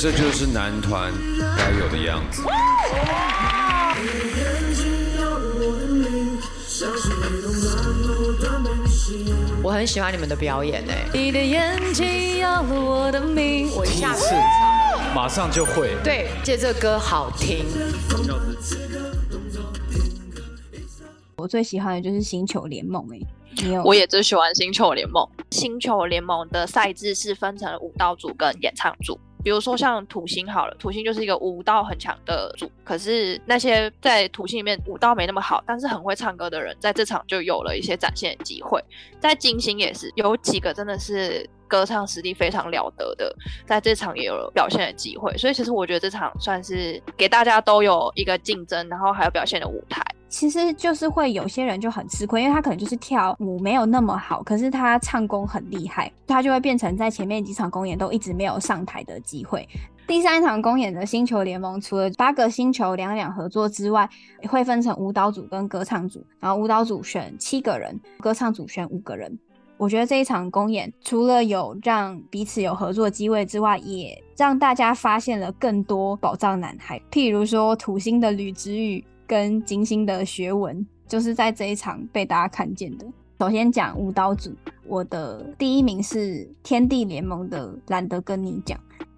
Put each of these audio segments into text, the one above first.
這就是男團該有的樣子。哇哇我很喜歡你們的表演哎。你的眼睛要了我的命。我下次馬上就會。對，借這歌好聽。我最喜歡的就是《星球聯盟》哎。我也最喜歡星球聯盟。星球聯盟的賽制是分成舞蹈組跟演唱組。比如說像土星好了，土星就是一個舞蹈很強的組，可是那些在土星裡面舞蹈沒那麼好，但是很會唱歌的人，在這場就有了一些展現的機會。在金星也是，有幾個真的是歌唱實力非常了得的，在這場也有表現的機會。所以其實我覺得這場算是給大家都有一個競爭，然後還有表現的舞台。其實就是會有些人就很吃虧，因為他可能就是跳舞沒有那麼好，可是他唱功很厲害，他就會變成在前面幾場公演都一直沒有上台的機會。第三場公演的《星球聯盟》，除了八個星球兩兩合作之外，會分成舞蹈組跟歌唱組，然後舞蹈組選七個人，歌唱組選五個人。我覺得這一場公演除了有讓彼此有合作機會之外，也讓大家發現了更多寶藏男孩，譬如說土星的呂子宇。跟金星的學文，就是在這一場被大家看見的。首先講舞蹈組，我的第一名是天地聯盟的懶得跟你講。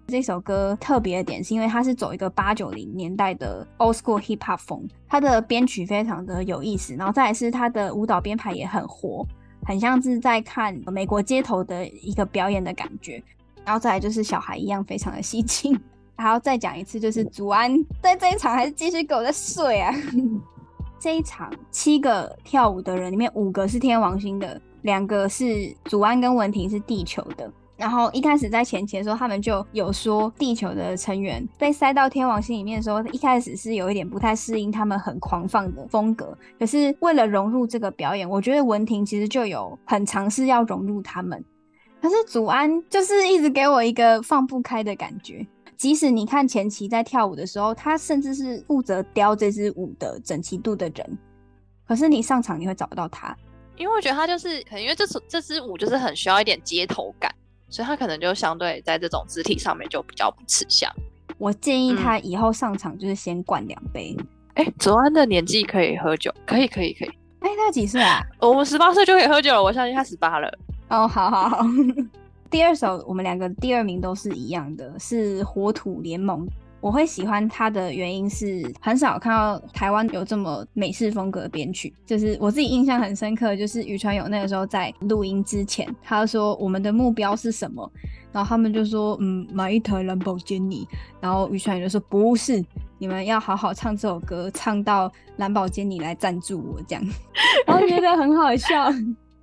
這一首歌特別的點是因為它是走一個八九零年代的 old school hip hop 風，它的編曲非常的有意思，然後再來是它的舞蹈編排也很活，很像是在看美國街頭的一個表演的感覺，然後再來就是小孩一樣非常的吸睛。還要再講一次，就是祖安在這一場還是繼續狗在睡啊。 這一場七個跳舞的人裡面，五個是天王星的，兩個是祖安跟文婷是地球的。然後一開始在前期的時候，他們就有說，地球的成員被塞到天王星裡面的時候，一開始是有一點不太適應他們很狂放的風格。可、就是為了融入這個表演，我覺得文婷其實就有很嘗試要融入他們，可是祖安就是一直給我一個放不開的感覺。即使你看前期在跳舞的時候，他甚至是負責雕這支舞的整齊度的人，可是你上場你會找不到他，因為我覺得他就是可能因為這首這支舞就是很需要一點街頭感，所以他可能就相對在這種肢體上面就比較不吃香。我建議他以後上場就是先灌兩杯。哎、嗯，卓安的年紀可以喝酒？可以，可以，可以。哎，他幾歲啊？我十八歲就可以喝酒了，我相信他十八了。哦，oh, 好好好。 第二首我們兩個第二名都是一樣的，是《火土聯盟》。我會喜歡它的原因是，很少看到台灣有這麼美式風格的編曲。就是我自己印象很深刻，就是宇傳友那個時候在錄音之前，他說我們的目標是什麼，然後他們就說嗯，買一台藍寶堅尼，然後宇傳友就說不是，你們要好好唱這首歌，唱到藍寶堅尼來贊助我這樣，Okay. 然後覺得很好笑。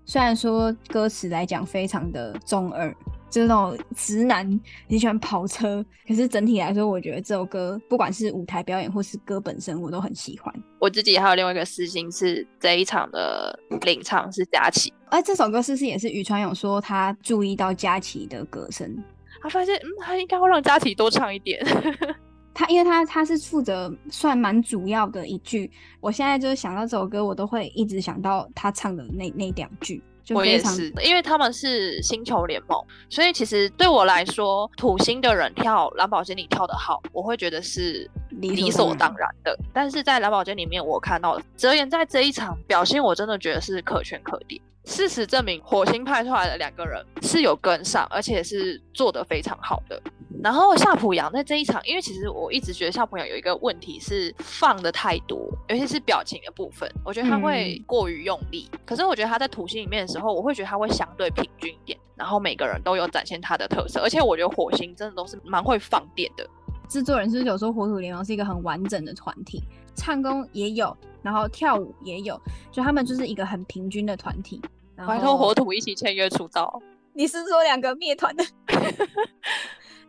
雖然說歌詞來講非常的中二，就是那種直男，很喜歡跑車。可是整體來說，我覺得這首歌不管是舞台表演或是歌本身，我都很喜歡。我自己還有另外一個私心是，這一場的領唱是佳琪。哎、嗯，這首歌是不是也是宇傳勇說他注意到佳琪的歌聲，他發現嗯，他應該會讓佳琪多唱一點。 他，因為他他是負責算蠻主要的一句，我現在就是想到這首歌，我都會一直想到他唱的那那兩句。就非常我也是，因為他們是星球聯盟，所以其實對我來說，土星的人跳藍寶堅尼你跳得好，我會覺得是理所當然的。然但是在藍寶堅尼裡面，我看到哲言在這一場表現，我真的覺得是可圈可點。事實證明，火星派出來的兩個人是有跟上，而且是做得非常好的。然後夏普陽在這一場，因為其實我一直覺得夏普陽有一個問題是放得太多，尤其是表情的部分，我覺得他會過於用力。嗯、可是我覺得他在土星裡面的時候，我會覺得他會相對平均一點，然後每個人都有展現他的特色。而且我覺得火星真的都是蠻會放電的。制作人是，是有說火土聯盟是一個很完整的團體，唱功也有，然後跳舞也有，所以他們就是一個很平均的團體。然後回頭火土一起簽約出道。你是，是說兩個滅團的？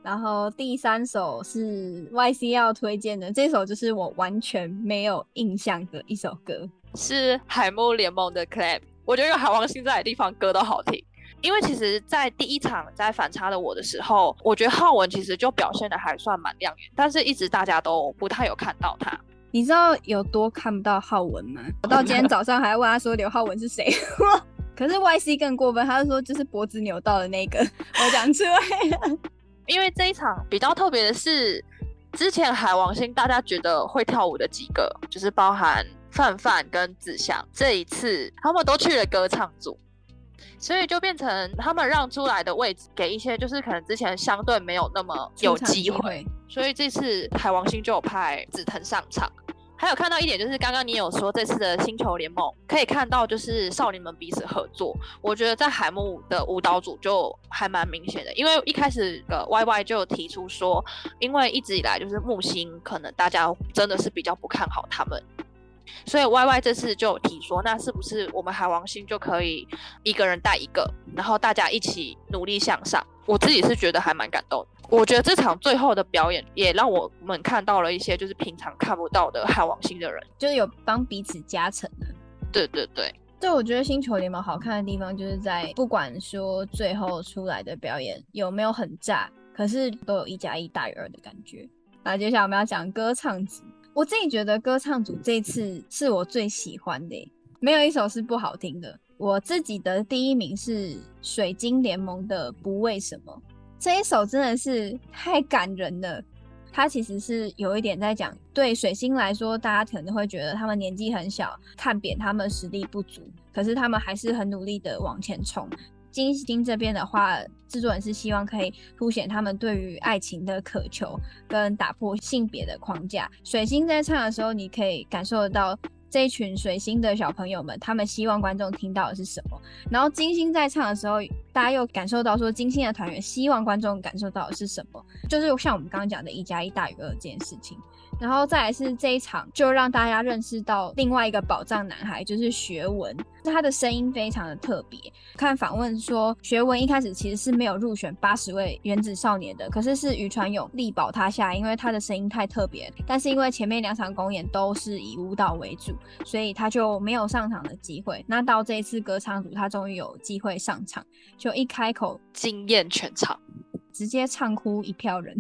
然後第三首是 Y C 要推薦的，這首就是我完全沒有印象的一首歌，是海夢聯盟的《Clap》。我覺得有海王星在的地方，歌都好聽。因為其實，在第一場在反差的我的時候，我覺得浩文其實就表現的還算蠻亮眼，但是一直大家都不太有看到他。你知道有多看不到浩文嗎？我到今天早上還問他說劉浩文是誰， 可是 Y C 更過分，他就說就是脖子扭到的那個，我講出來。 因為這一場比較特別的是，之前海王星大家覺得會跳舞的幾個，就是包含范范跟子祥，這一次他們都去了歌唱組，所以就變成他們讓出來的位置給一些就是可能之前相對沒有那麼有機會，會所以這次海王星就有派紫藤上場。還有看到一點，就是剛剛你有說這次的星球聯盟可以看到，就是少年們彼此合作。我覺得在海木的舞蹈組就還蠻明顯的，因為一開始的、呃、YY 就提出說，因為一直以來就是木星可能大家真的是比較不看好他們，所以 YY 這次就有提說，那是不是我們海王星就可以一個人帶一個，然後大家一起努力向上？我自己是覺得還蠻感動的。我覺得這場最後的表演也讓我們看到了一些就是平常看不到的海王星的人，就是有幫彼此加成的。對對對，對，我覺得星球聯盟好看的地方就是在不管說最後出來的表演有沒有很炸，可是都有一加一大於二的感覺。那接下來我們要講歌唱組，我自己覺得歌唱組這次是我最喜歡的，沒有一首是不好聽的。我自己的第一名是水晶聯盟的《不為什麼》。這一首真的是太感人了，它其實是有一點在講，對水星來說，大家可能會覺得他們年紀很小，看扁他們實力不足，可是他們還是很努力的往前衝。金星這邊的話，制作人是希望可以凸顯他們對於愛情的渴求，跟打破性別的框架。水星在唱的時候，你可以感受得到。這一群水星的小朋友們，他們希望觀眾聽到的是什麼？然後金星在唱的時候，大家又感受到說金星的團員希望觀眾感受到的是什麼？就是像我們剛剛講的一加一大於二這件事情。然後再來是這一場，就讓大家認識到另外一個寶藏男孩，就是學文。他的聲音非常的特別。看訪問說，學文一開始其實是沒有入選八十位原子少年的，可是是漁船勇力保他下，因為他的聲音太特別了。但是因為前面兩場公演都是以舞蹈為主，所以他就沒有上場的機會。那到這一次歌唱組，他終於有機會上場，就一開口驚豔全場，直接唱哭一票人。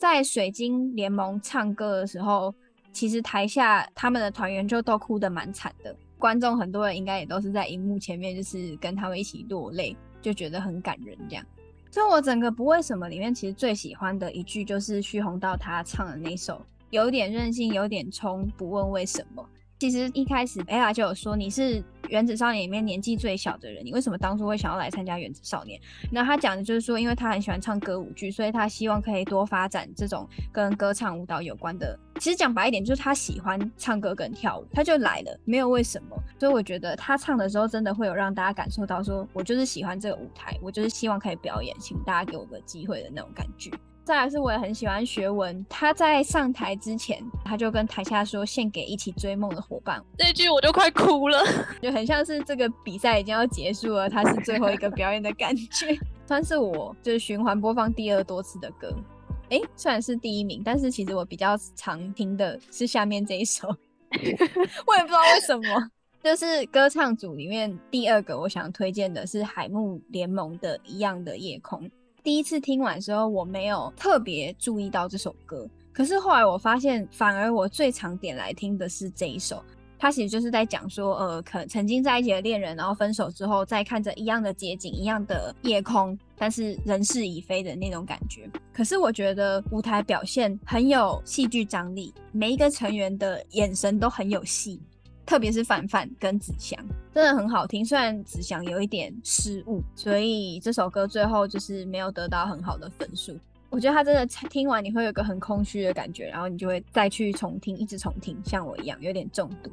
在水晶聯盟唱歌的時候，其實台下他們的團員就都哭得蠻慘的，觀眾很多人應該也都是在熒幕前面，就是跟他們一起落淚，就覺得很感人這樣。所以，我整個不為什麼裡面，其實最喜歡的一句就是徐紅道他唱的那首有點任性，有點衝，不問為什麼。其實一開始，艾拉就有說你是。《原子少年》裡面年紀最小的人，你為什麼當初會想要來參加《原子少年》？那他講的就是說，因為他很喜歡唱歌舞劇，所以他希望可以多發展這種跟歌唱舞蹈有關的。其實講白一點，就是他喜歡唱歌跟跳舞，他就來了，沒有為什麼。所以我覺得他唱的時候，真的會有讓大家感受到說，說我就是喜歡這個舞台，我就是希望可以表演，請大家給我個機會的那種感覺。再來是我也很喜歡學文，他在上台之前，他就跟台下說：“獻給一起追夢的伙伴。”這一句我就快哭了，就很像是這個比賽已經要結束了，他是最後一個表演的感覺。 算是我就是循環播放第二多次的歌。哎、欸，雖然是第一名，但是其實我比較常聽的是下面這一首， 我也不知道為什麼。就是歌唱組裡面第二個，我想推薦的是海木聯盟的《一樣的夜空》。第一次聽完的時候，我沒有特別注意到這首歌，可是後來我發現，反而我最常點來聽的是這一首。它其實就是在講說，呃，可曾經在一起的戀人，然後分手之後，再看着一樣的街景，一樣的夜空，但是人事已非的那種感覺。可是我覺得舞台表現很有戲劇張力，每一個成員的眼神都很有戲。特別是范范跟子祥，真的很好聽。雖然子祥有一點失誤，所以這首歌最後就是沒有得到很好的分數。我覺得他真的聽完你會有一個很空虛的感覺，然後你就會再去重聽，一直重聽。像我一樣有點中毒。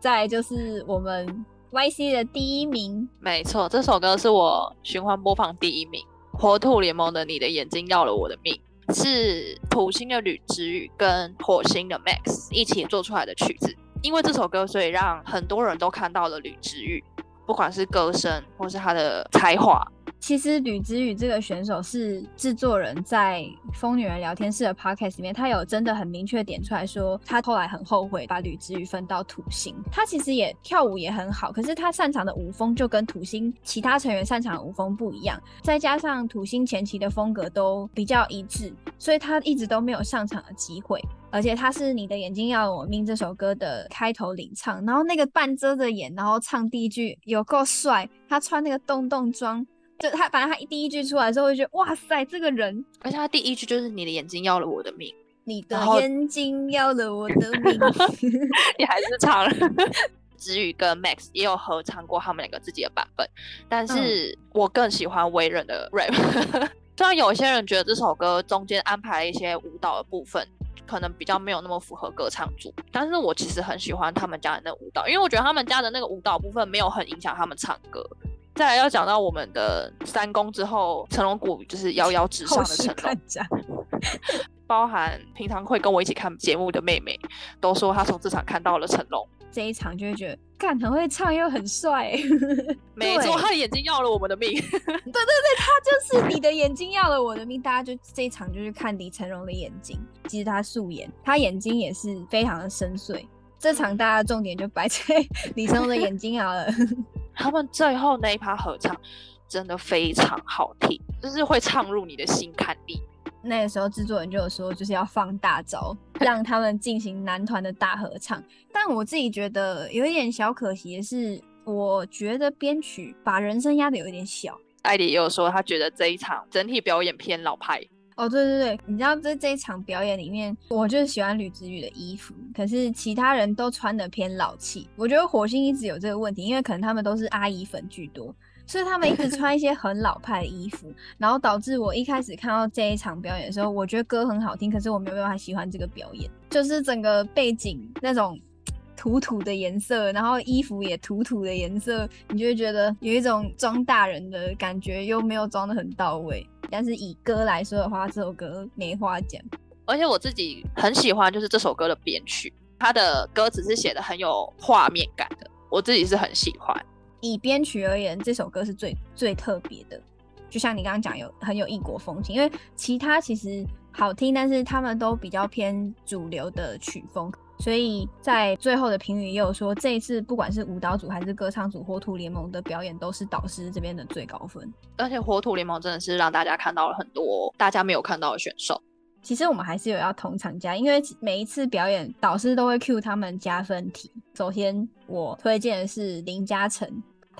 再來就是我們 YC 的第一名，沒錯，這首歌是我循環播放第一名。火土聯盟的你的眼睛要了我的命，是土星的呂子宇跟火星的 Max 一起做出來的曲子。因為這首歌，所以讓很多人都看到了呂志玉，不管是歌聲，或是他的才華。其實呂子宇這個選手是製作人在《瘋女人聊天室》的 podcast 裡面，他有真的很明確點出來說，他後來很後悔把呂子宇分到土星。他其實也跳舞也很好，可是他擅長的舞風就跟土星其他成員擅長的舞風不一樣，再加上土星前期的風格都比較一致，所以他一直都沒有上場的機會。而且他是《你的眼睛要我命》這首歌的開頭領唱，然後那個半遮着眼，然後唱第一句有夠帥，他穿那個洞洞裝。就他，反正他一第一句出來的時候，我就覺得哇塞，這個人！而且他第一句就是“你的眼睛要了我的命”，你的眼睛要了我的命，然後 你還是唱了。 子宇跟 Max 也有合唱過他們兩個自己的版本，但是我更喜歡維仁的 rap。 雖然有些人覺得這首歌中間安排一些舞蹈的部分，可能比較沒有那麼符合歌唱組，但是我其實很喜歡他們家的那舞蹈，因為我覺得他們家的那個舞蹈部分沒有很影響他們唱歌。再來要講到我們的三公之後，成龍谷就是搖搖直上的成龍。包含平常會跟我一起看節目的妹妹，都說她從這場看到了成龍。這一場就會覺得，幹，很會唱又很帥。沒錯錯， 對他的眼睛要了我們的命。 對，對對對，他就是你的眼睛要了我的命。大家就這一場就是看李成龍的眼睛。其實他素顏，他眼睛也是非常的深邃。這場大家的重點就擺在李成龍的眼睛好了。 他們最後那一趴合唱真的非常好聽，就是會唱入你的心坎裡。那個時候製作人就有說，就是要放大招，對讓他們進行男團的大合唱。但我自己覺得有一點小可惜的是，我覺得編曲把人聲壓得有點小。艾迪也有說，他覺得這一場整體表演偏老派。哦，對對對，你知道在這一場表演裡面，我就是喜歡呂子瑜的衣服，可是其他人都穿的偏老氣。我覺得火星一直有這個問題，因為可能他們都是阿姨粉居多，所以他們一直穿一些很老派的衣服， 然後導致我一開始看到這一場表演的時候，我覺得歌很好聽，可是我沒有沒有辦法喜歡這個表演，就是整個背景那種土土的顏色，然後衣服也土土的顏色，你就會覺得有一種裝大人的感覺，又沒有裝的很到位。但是以歌來說的話，這首歌沒話講。而且我自己很喜歡，就是這首歌的編曲，他的歌詞是寫得很有畫面感的，我自己是很喜歡。以編曲而言，這首歌是最最特別的，就像你剛剛講，有很有異國風情，因為其他其實好聽，但是他們都比較偏主流的曲風。所以在最後的評語也有說，這一次不管是舞蹈組還是歌唱組，火土聯盟的表演都是導師這邊的最高分。而且火土聯盟真的是讓大家看到了很多大家沒有看到的選手。其實我們還是有要同場加，因為每一次表演導師都會 cue 他們加分題。首先我推薦的是林嘉誠。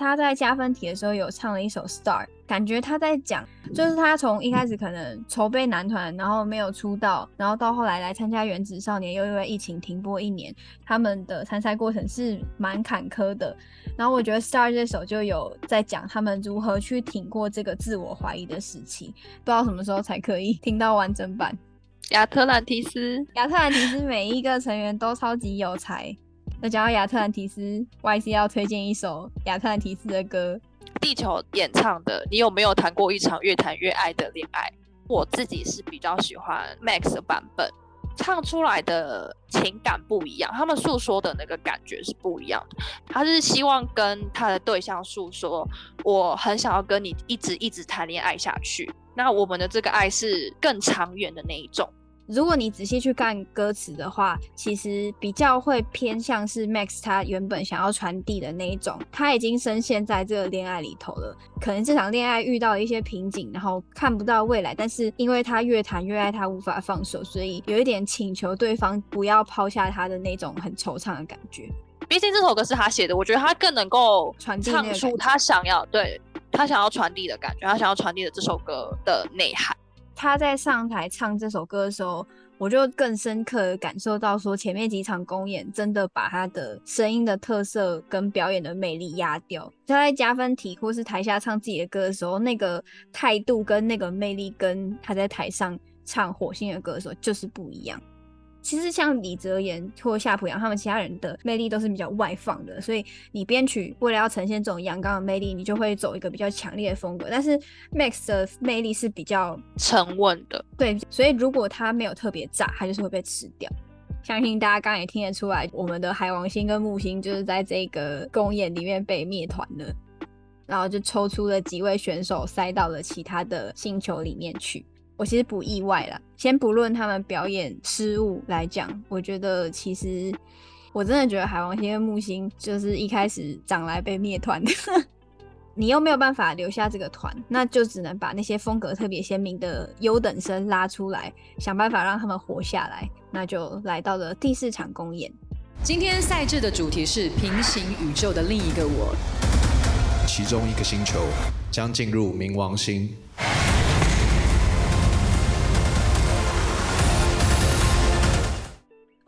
他在加分題的時候有唱了一首《Star》，感覺他在講，就是他從一開始可能籌備男團，然後沒有出道，然後到後來來參加《原子少年》，又因為疫情停播一年，他們的參賽過程是蠻坎坷的。然後我覺得《Star》這首就有在講他們如何去挺過這個自我懷疑的時期。不知道什麼時候才可以聽到完整版。亞特蘭提斯，亞特蘭提斯每一個成員都超級有才。那講到亞特蘭提斯，YC 要推薦一首亞特蘭提斯的歌，《地球》演唱的。你有沒有談過一場越談越愛的戀愛？我自己是比較喜歡 Max 的版本，唱出來的情感不一樣，他們訴說的那個感覺是不一樣的。他是希望跟他的對象訴說，我很想要跟你一直一直談戀愛下去，那我們的這個愛是更長遠的那一種。如果你仔細去看歌詞的話，其實比較會偏向是 Max 他原本想要傳遞的那一種，他已經深陷在這個戀愛裡頭了，可能這場戀愛遇到了一些瓶頸，然後看不到未來，但是因為他越談越愛，他無法放手，所以有一點請求對方不要拋下他的那種很惆悵的感覺。畢竟這首歌是他寫的，我覺得他更能夠傳唱出他想要，對，他想要傳遞的感覺，他想要傳遞的這首歌的內涵。他在上臺唱這首歌的時候，我就更深刻的感受到，說前面幾場公演真的把他的聲音的特色跟表演的魅力壓掉。他在加分題或是台下唱自己的歌的時候，那個態度跟那個魅力，跟他在台上唱火星的歌的時候就是不一樣。其實像李哲言或夏普陽他們其他人的魅力都是比較外放的，所以你編曲為了要呈現這種陽剛的魅力，你就會走一個比較強烈的風格。但是 Max 的魅力是比較沉穩的，對，所以如果他沒有特別炸，他就是會被吃掉。相信大家剛剛也聽得出來，我們的海王星跟木星就是在這個公演裡面被滅團了，然後就抽出了幾位選手塞到了其他的星球裡面去。我其實不意外了，先不論他們表演失誤來講，我覺得其實我真的覺得海王星跟木星就是一開始長來被滅團的， 你又沒有辦法留下這個團，那就只能把那些風格特別鮮明的優等生拉出來，想辦法讓他們活下來，那就來到了第四場公演。今天賽制的主題是平行宇宙的另一個我，其中一個星球將進入冥王星。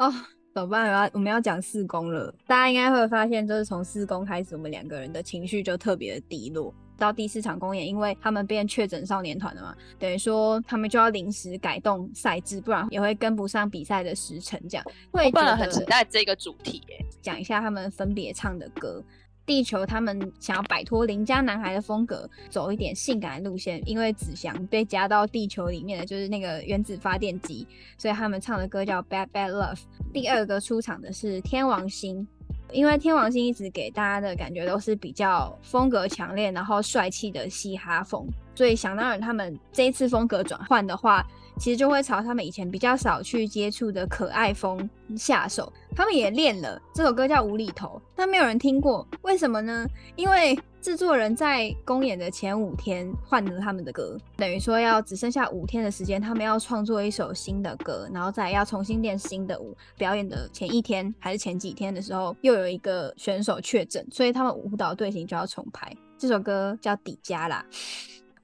哦，怎麼辦啊？我要，我們要講四公了，大家應該會發現，就是從四公開始，我們兩個人的情緒就特別的低落。到第四場公演，因為他們變確診少年團了嘛，等於說他們就要臨時改動賽制，不然也會跟不上比賽的時程，這樣。我本來很期待這個主題，講一下他們分別唱的歌。地球他們想要擺脫鄰家男孩的風格，走一點性感的路線。因為子祥被夾到地球裡面的就是那個原子發電機，所以他們唱的歌叫《Bad Bad Love》。第二個出場的是天王星，因為天王星一直給大家的感覺都是比較風格強烈，然後帥氣的嘻哈風，所以想當然他們這一次風格轉換的話。其實就會朝他們以前比較少去接觸的可愛風下手。他們也練了這首歌，叫《無厘頭》，但沒有人聽過，為什麼呢？因為製作人在公演的前五天換了他們的歌，等於說要只剩下五天的時間，他們要創作一首新的歌，然後再要重新練新的舞。表演的前一天還是前幾天的時候，又有一個選手確診，所以他們舞蹈隊形就要重排。這首歌叫《底家啦》，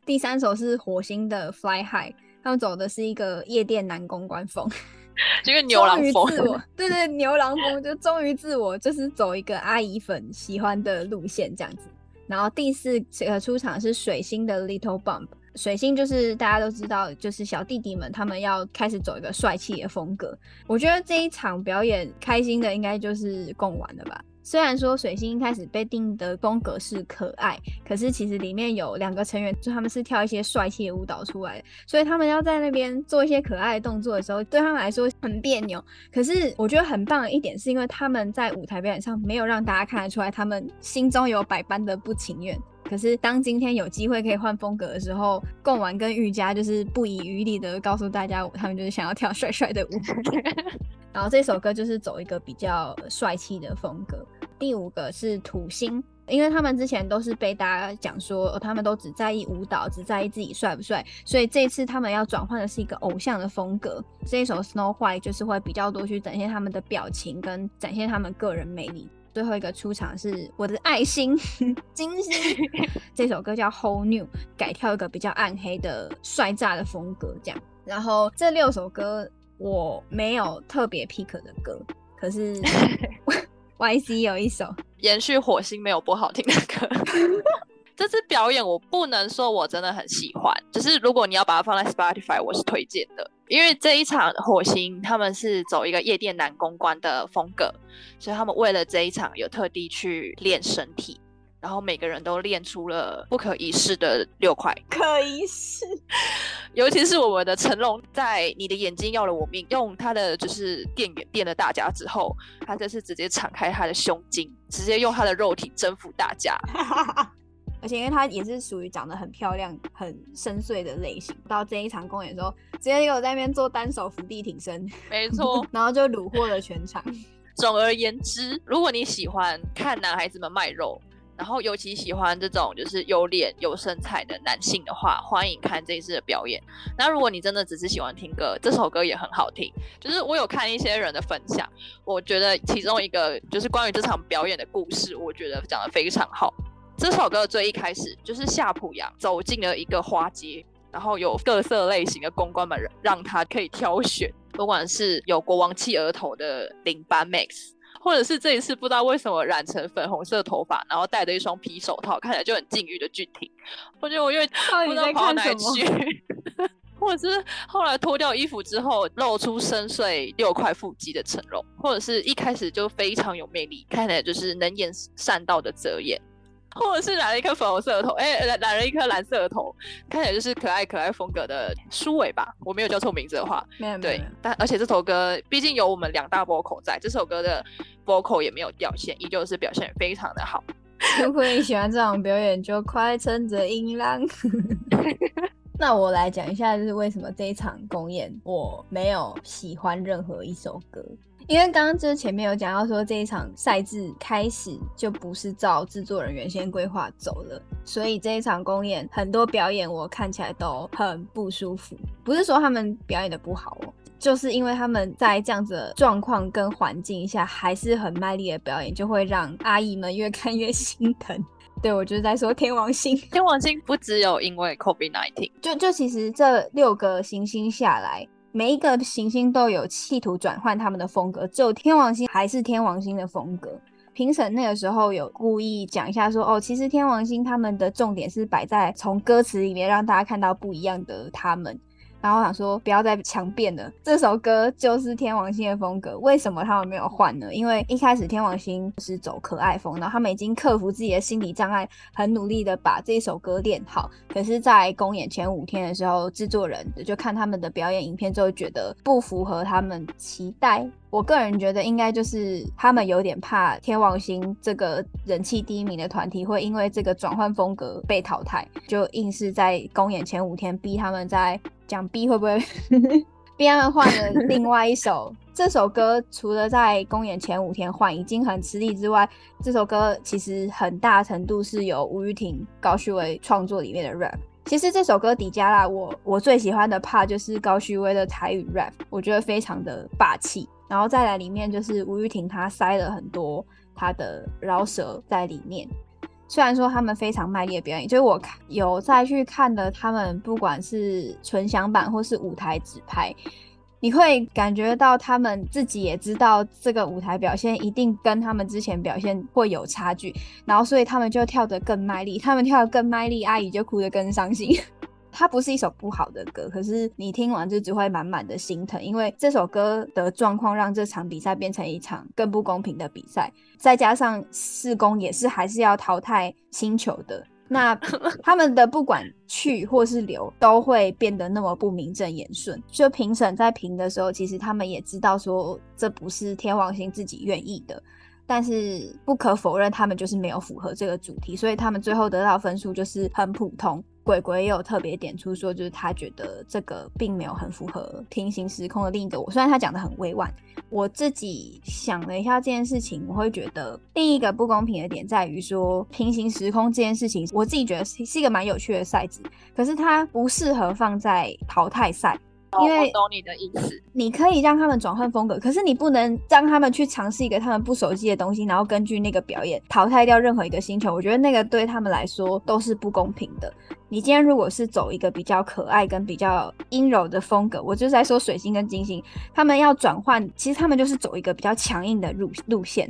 第三首是火星的《Fly High》。他們走的是一個夜店男公關風 ，這個牛郎風， 對，對對，牛郎風就忠於自我，就是走一個阿姨粉喜歡的路線這樣子。然後第四個出場是水星的 Little Bump，水星就是大家都知道，就是小弟弟們他們要開始走一個帥氣的風格。我覺得這一場表演開心的應該就是貢完了吧。雖然說水星一開始被定的風格是可愛，可是其實裡面有兩個成員，就他們是跳一些帥氣的舞蹈出來的，所以他們要在那邊做一些可愛的動作的時候，對他們來說很別扭。可是我覺得很棒的一點是因為他們在舞台表演上沒有讓大家看得出來他們心中有百般的不情願。可是當今天有機會可以換風格的時候，貢丸跟玉佳就是不遺餘力的告訴大家，他們就是想要跳帥帥的舞。 然後這首歌就是走一個比較帥氣的風格。第五個是土星，因為他們之前都是被大家講說，哦，他們都只在意舞蹈，只在意自己帥不帥，所以這次他們要轉換的是一個偶像的風格。這一首 Snow White 就是會比較多去展現他們的表情，跟展現他們個人魅力。最後一個出場是我的愛心，金星， 這首歌叫 Whole New，改跳一個比較暗黑的帥炸的風格，這樣。然後這六首歌我沒有特別 pick 的歌，可是。 YC 有一首延續火星沒有不好聽的歌。 這支表演我不能說我真的很喜歡，只是如果你要把它放在 Spotify，我是推薦的。因為這一場火星他們是走一個夜店男公關的風格，所以他們為了這一場有特地去練身體。然後每個人都練出了不可一世的六塊，可一世，尤其是我們的成龍，在你的眼睛要了我命，用他的就是電眼電了大家之後，他這次直接敞開他的胸襟，直接用他的肉體征服大家。 而且因為他也是屬於長得很漂亮、很深邃的類型，到這一場公演的時候，直接我在那邊做單手伏地挺身，沒錯， 然後就虜獲了全場。 總而言之，如果你喜歡看男孩子們賣肉。然後尤其喜歡這種就是有臉有身材的男性的話，歡迎看這一次的表演。那如果你真的只是喜歡聽歌，這首歌也很好聽。就是我有看一些人的分享，我覺得其中一個就是關於這場表演的故事，我覺得講得非常好。這首歌最一開始就是夏普洋走進了一個花街，然後有各色類型的公關們讓他可以挑選，不管是有國王氣額頭的零八 Max，或者是這一次不知道為什麼染成粉紅色的頭髮，然後戴着一雙皮手套，看起來就很禁欲的俊廷。我覺得我因為不知道跑哪在看哪句， 或者是後來脫掉衣服之後露出深邃六塊腹肌的成龍，或者是一開始就非常有魅力，看起來就是能言善道的澤演。或者是染了一顆粉紅色的頭，哎、欸，染染了一顆藍色的頭，看起來就是可愛可愛風格的蘇尾吧。我沒有叫錯名字的話，沒有對。沒有但而且這首歌畢竟有我們兩大 vocal 在，這首歌的 vocal 也沒有掉線，依舊是表現非常的好。如果你喜歡這場表演，就快趁着音浪。 那我來講一下，就是為什麼這一場公演我沒有喜歡任何一首歌。因為剛剛就是前面有講到說，這一場賽制開始就不是照制作人原先規劃走了，所以這一場公演很多表演我看起來都很不舒服。不是說他們表演的不好哦，就是因為他們在這樣子的狀況跟環境下還是很賣力的表演，就會讓阿姨們越看越心疼。對，我就在說天王星，天王星不只有因為 COVID nineteen， 就就其實這六個行星下來。每一個行星都有企圖轉換他們的風格，只有天王星還是天王星的風格。評審那個時候有故意講一下說，哦，其實天王星他們的重點是擺在從歌詞裡面讓大家看到不一樣的他們。然後我想說，不要再強辯了。這首歌就是天王星的風格，為什麼他們沒有換呢？因為一開始天王星是走可愛風，然後他們已經克服自己的心理障礙，很努力的把這首歌練好。可是，在公演前五天的時候，制作人就看他們的表演影片，就會覺得不符合他們期待。我個人覺得應該就是他們有點怕天王星這個人氣第一名的團體會因為這個轉換風格被淘汰，就硬是在公演前五天逼他們在講 B 會不會 逼他們換了另外一首 這首歌，除了在公演前五天換已經很吃力之外，這首歌其實很大程度是由吳玉婷高旭威，創作裡面的 rap。其實這首歌迪迦啦，我我最喜歡的 part 就是高旭威的台語 rap，我覺得非常的霸氣。然後再來，裡面就是吳玉婷，她塞了很多她的饒舌在裡面。雖然說他們非常賣力的表演，所以我看有再去看的，他們不管是純享版或是舞台直拍，你會感覺到他們自己也知道這個舞台表現一定跟他們之前表現會有差距，然後所以他們就跳得更賣力，他們跳得更賣力，阿姨就哭得更傷心。它不是一首不好的歌，可是你聽完就只會滿滿的心疼，因為這首歌的狀況讓這場比賽變成一場更不公平的比賽。再加上四公也是還是要淘汰星球的，那他們的不管去或是留都會變得那麼不名正言順。就評審在評的時候，其實他們也知道說，這不是天王星自己願意的，但是不可否認，他們就是沒有符合這個主題，所以他們最後得到分數就是很普通。鬼鬼也有特別點出說，就是他覺得這個並沒有很符合平行時空的另一個我。雖然他講得很委婉，我自己想了一下這件事情，我會覺得另一個不公平的點在於說，平行時空這件事情，我自己覺得是是一個蠻有趣的賽制，可是它不適合放在淘汰賽。因為懂你的意思，你可以讓他們轉換風格，可是你不能讓他們去嘗試一個他們不熟悉的東西，然後根據那個表演淘汰掉任何一個星球。我覺得那個對他們來說都是不公平的。你今天如果是走一個比較可愛跟比較陰柔的風格，我就是在說水星跟金星，他們要轉換，其實他們就是走一個比較強硬的路路線。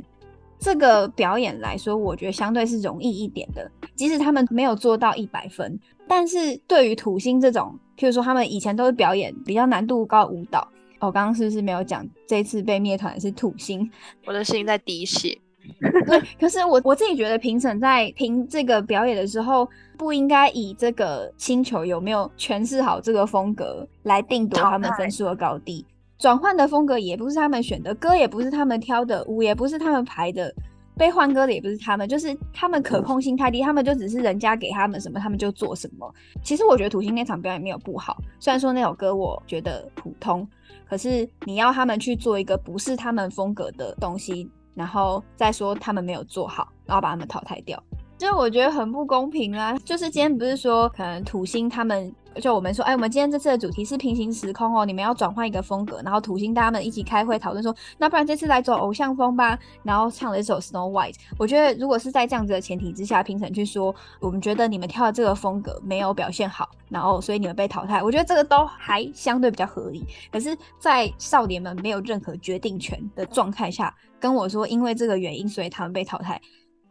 這個表演來說，我覺得相對是容易一點的。即使他們沒有做到一百分，但是對於土星這種，譬如說他們以前都是表演比較難度高的舞蹈，我、哦、剛剛是不是沒有講？這次被滅團是土星，我的心在滴血。 對，可是我我自己覺得評審在評這個表演的時候，不應該以這個星球有沒有詮釋好這個風格來定奪他們分數的高低。轉換的風格也不是他們選的，歌也不是他們挑的，舞也不是他們排的，被換歌的也不是他們，就是他們可控性太低，他們就只是人家給他們什麼，他們就做什麼。其實我覺得土星那場表演沒有不好，雖然說那首歌我覺得普通，可是你要他們去做一個不是他們風格的東西，然後再說他們沒有做好，然後把他們淘汰掉，其實我覺得很不公平啊。就是今天不是說可能土星他們。就我們說，哎、欸，我們今天這次的主題是平行時空哦，你們要轉換一個風格，然後土星，大家們一起開會討論說，那不然這次來走偶像風吧，然後唱了一首 Snow White。我覺得如果是在這樣子的前提之下，評審去說，我們覺得你們跳的這個風格沒有表現好，然後所以你們被淘汰，我覺得這個都還相對比較合理。可是，在少年們沒有任何決定權的狀態下跟我說，因為這個原因所以他們被淘汰，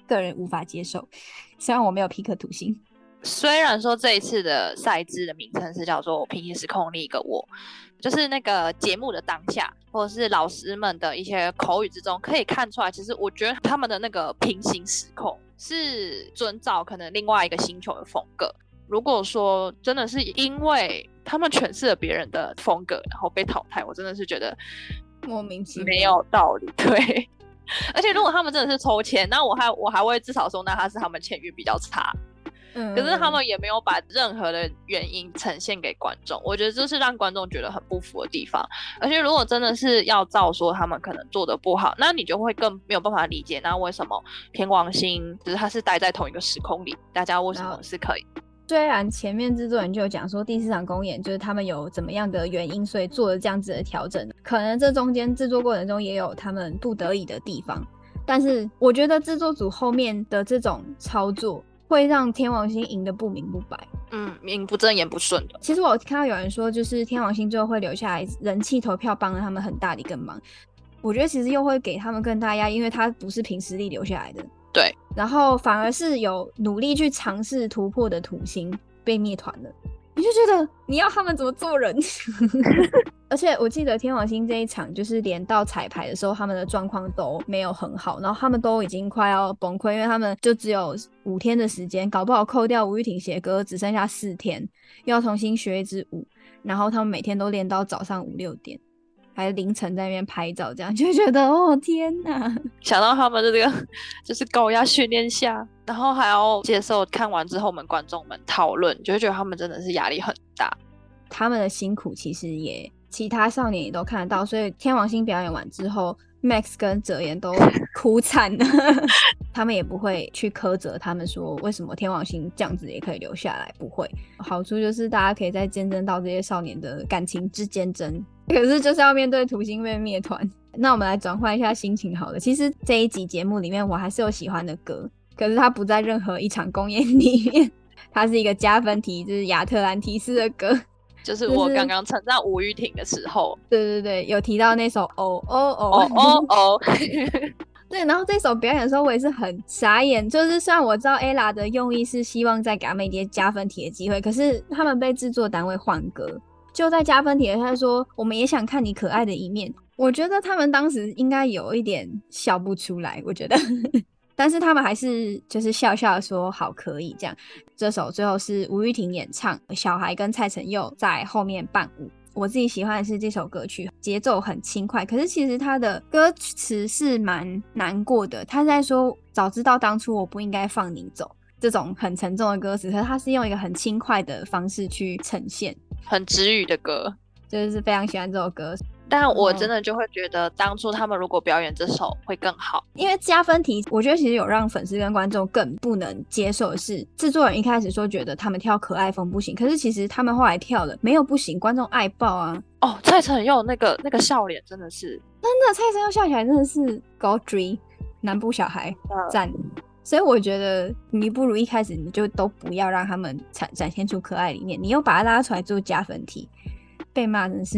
個人無法接受。雖然我沒有 pick 土星。雖然說這一次的賽制的名稱是叫做平行時空另一個我，就是那個節目的當下，或者是老師們的一些口語之中，可以看出來，其實我覺得他們的那個平行時空是遵照可能另外一個星球的風格。如果說真的是因為他們詮釋了別人的風格，然後被淘汰，我真的是覺得莫名其妙，沒有道理。對，而且如果他們真的是抽籤，那我還我還會至少說，那他是他們籤運比較差。嗯，可是他們也沒有把任何的原因呈現給觀眾，嗯、我覺得這是讓觀眾覺得很不服的地方。而且如果真的是要照說，他們可能做得不好，那你就會更沒有辦法理解。那為什麼天王星只是他是待在同一個時空裡，大家為什麼是可以？然雖然前面制作人就有講說第四場公演就是他們有怎麼樣的原因，所以做了這樣子的調整。可能這中間製作過程中也有他們不得已的地方，但是我覺得制作組後面的這種操作。會讓天王星贏得不明不白，嗯，名不正言不順的。其實我看到有人說，就是天王星最後會留下來，人氣投票幫了他們很大的一個忙。我覺得其實又會給他們更大壓力，因為他不是憑實力留下來的。對，然後反而是有努力去嘗試突破的土星被滅團了。你就覺得你要他們怎麼做人？ 而且我記得天王星這一場，就是連到彩排的時候，他們的狀況都沒有很好，然後他們都已經快要崩潰，因為他們就只有五天的時間，搞不好扣掉吳玉婷寫歌，只剩下四天又要重新學一支舞，然後他們每天都練到早上五六點。還凌晨在那邊拍照，這樣就覺得哦天哪、啊！想到他們的這個就是高壓訓練下，然後還要接受看完之後，我們觀眾們討論，就會覺得他們真的是壓力很大。他們的辛苦其實也其他少年也都看得到，所以天王星表演完之後，Max 跟哲言都哭慘了。 他們也不會去苛責他們說為什麼天王星這樣子也可以留下來，不會。好處就是大家可以再見證到這些少年的感情之堅貞。可是就是要面對土星被滅團，那我們來轉換一下心情好了。其實這一集節目裡面，我還是有喜歡的歌，可是它不在任何一場公演裡面。它是一個加分題，就是亞特蘭提斯的歌，就是我剛剛稱讚吳玉婷的時候，對對對，有提到那首哦哦哦哦哦。哦。對，然後這首表演的時候，我也是很傻眼，就是雖然我知道 Ella 的用意是希望再給他們一些加分題的機會，可是他們被製作單位換歌。就在加分題，他說：“我們也想看你可愛的一面。”我覺得他們當時應該有一點笑不出來，我覺得， 但是他們還是就是笑笑的說：“好，可以這樣。”這首最後是吳玉婷演唱，小孩跟蔡成佑在後面伴舞。我自己喜歡的是這首歌曲，節奏很輕快，可是其實它的歌詞是蠻難過的。他在說：“早知道當初我不應該放你走。”這種很沉重的歌詞，可是他是用一個很輕快的方式去呈現。很治癒的歌，就是非常喜歡這首歌。但我真的就會覺得，當初他們如果表演這首會更好、嗯，因為加分題，我覺得其實有讓粉絲跟觀眾更不能接受的是，制作人一開始說覺得他們跳可愛風不行，可是其實他們後來跳了沒有不行，觀眾愛爆啊！哦，蔡承佑那個那個笑臉真的是，真的蔡承佑笑起來真的是高級南部小孩讚。嗯所以我覺得你不如一開始你就都不要讓他們展展現出可愛一面，你又把他拉出來做加分題，被罵真是，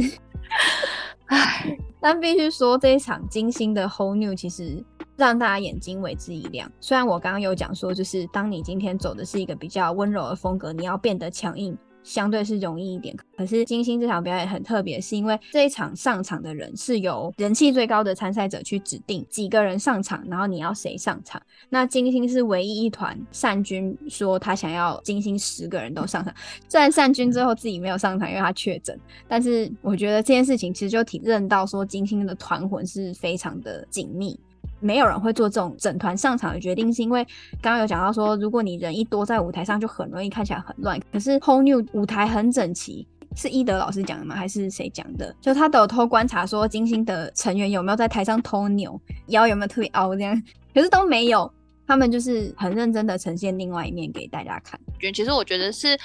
唉。 但必須說這一場金星的 Whole New 其實讓大家眼睛為之一亮。雖然我剛剛有講說，就是當你今天走的是一個比較溫柔的風格，你要變得強硬。相對是容易一點，可是金星這場表演很特別，是因為這一場上場的人是由人氣最高的參賽者去指定幾個人上場，然後你要誰上場。那金星是唯一一團善君說他想要金星十個人都上場，雖然善君最後自己沒有上場，因為他確診，但是我覺得這件事情其實就體認到說金星的團魂是非常的緊密。沒有人會做這種整團上場的決定，是因為剛剛有講到說，如果你人一多在舞台上就很容易看起來很亂。可是 whole new 舞台很整齊，是伊德老師講的嗎？還是誰講的？就他都有偷觀察說，金星的成員有沒有在台上偷扭，腰有沒有特別凹這樣？可是都沒有，他們就是很認真的呈現另外一面給大家看。我覺得其實我覺得是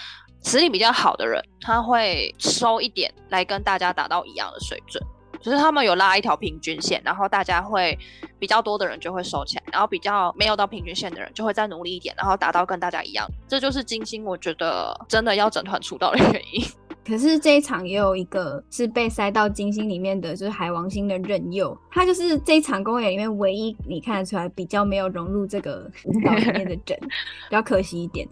實力比較好的人，他會收一點來跟大家達到一樣的水準。可是他們有拉一條平均線，然後大家會比較多的人就會收起來，然後比較沒有到平均線的人就會再努力一點，然後達到跟大家一樣。這就是金星，我覺得真的要整團出道的原因。可是這一場也有一個是被塞到金星裡面的，就是海王星的任佑，他就是這一場公演裡面唯一你看得出來比較沒有融入這個舞蹈裡面的人， 比較可惜一點。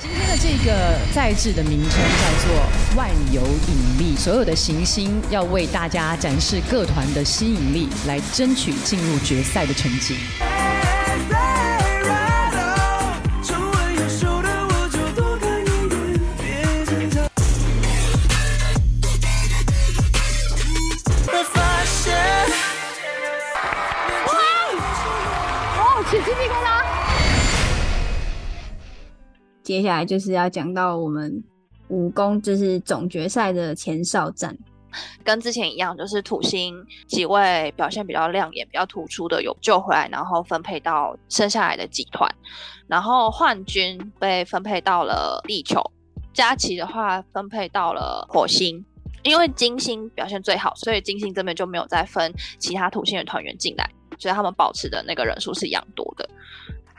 今天的這個賽制的名稱叫做萬有引力，所有的行星要為大家展示各团的吸引力，來爭取進入決賽的成績。接下來就是要講到我們五公，就是總決賽的前哨戰，跟之前一樣，就是土星幾位表現比較亮眼、比較突出的有救回來，然後分配到剩下來的集團，然後幻軍被分配到了地球，佳琪的話分配到了火星，因為金星表現最好，所以金星這邊就沒有再分其他土星的團員進來，所以他們保持的那個人數是一樣多的。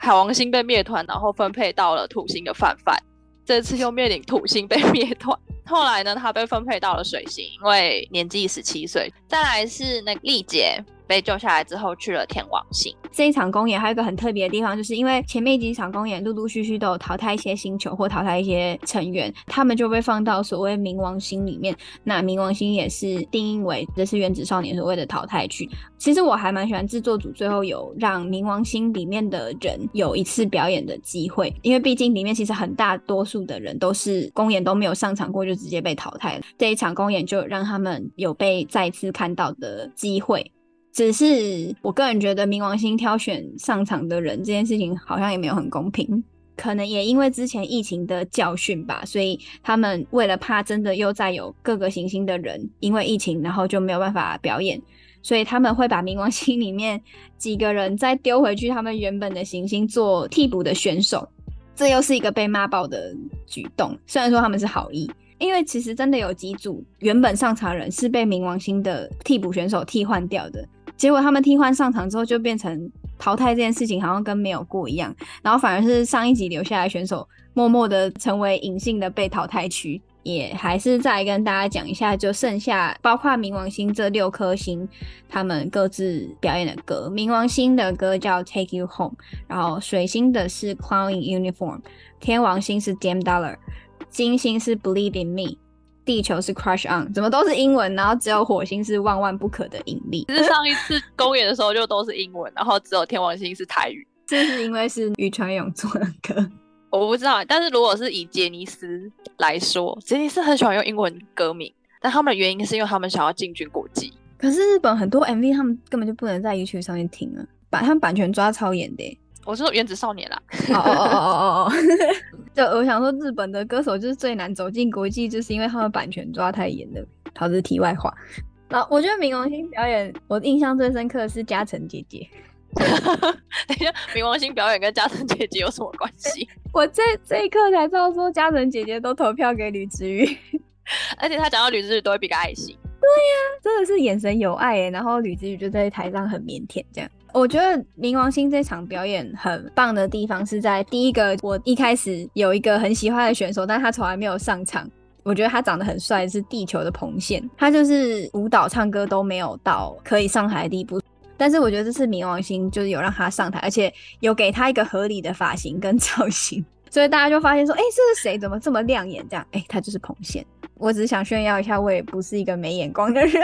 海王星被滅團，然後分配到了土星的范范。這次又面臨土星被滅團，後來呢，他被分配到了水星，因為年紀十七歲。再來是那個力傑，被救下來之後，去了天王星。這一場公演還有一個很特別的地方，就是因為前面幾場公演陸陸續續都有淘汰一些星球或淘汰一些成員，他們就被放到所謂冥王星裡面。那冥王星也是定義為這是原子少年所謂的淘汰區。其實我還蠻喜歡製作組最後有讓冥王星裡面的人有一次表演的機會，因為畢竟裡面其實很大多數的人都是公演都沒有上場過，就直接被淘汰了。這一場公演就讓他們有被再次看到的機會。只是我個人覺得冥王星挑選上場的人這件事情好像也沒有很公平，可能也因為之前疫情的教訓吧，所以他們為了怕真的又再有各個行星的人因為疫情然後就沒有辦法表演，所以他們會把冥王星裡面幾個人再丟回去他們原本的行星做替補的選手，這又是一個被罵爆的舉動，雖然說他們是好意。因為其實真的有幾組原本上場人是被冥王星的替補選手替換掉的，結果他們替換上場之後，就變成淘汰這件事情好像跟沒有過一樣。然後反而是上一集留下來選手，默默的成為隱性的被淘汰區。也還是再跟大家講一下，就剩下包括冥王星這六顆星，他們各自表演的歌。冥王星的歌叫 Take You Home，然後水星的是 Clown in Uniform，天王星是 Damn Dollar。金星是 Believe in Me，地球是 Crush on，怎麼都是英文，然後只有火星是萬萬不可的引力。其實上一次公演的時候就都是英文， 然後只有天王星是台語。這是，是因為是宇傳勇做的歌，我不知道。但是如果是以傑尼斯來說，傑尼斯很喜歡用英文歌名，但他們的原因是因為他們想要進軍國際。可是日本很多 MV 他們根本就不能在 y 群上面聽了，把他們版權抓超嚴的。我是說原子少年啦。哦哦哦哦哦。就我想說，日本的歌手就是最難走進國際，就是因為他們版權抓太嚴了。好，這是題外話。那我覺得冥王星表演，我印象最深刻的是嘉誠姐姐。 等一下，冥王星表演跟嘉誠姐姐有什麼關係？欸、我這這一刻才知道說，嘉誠姐姐都投票給呂子宇。而且他講到呂子宇都會比較愛惜。對呀、啊，真的是眼神有愛誒、欸。然後呂子宇就在台上很腼腆這樣。我覺得冥王星這場表演很棒的地方是在第一個，我一開始有一個很喜歡的選手，但他從來沒有上場。我覺得他長得很帥，是地球的彭縣。他就是舞蹈、唱歌都沒有到可以上台的地步。但是我覺得這次冥王星就是有讓他上台，而且有給他一個合理的髮型跟造型。所以大家就發現說，哎、欸，這是誰？怎麼這麼亮眼？這樣，哎、欸，他就是彭憲。我只是想炫耀一下，我也不是一個沒眼光的人。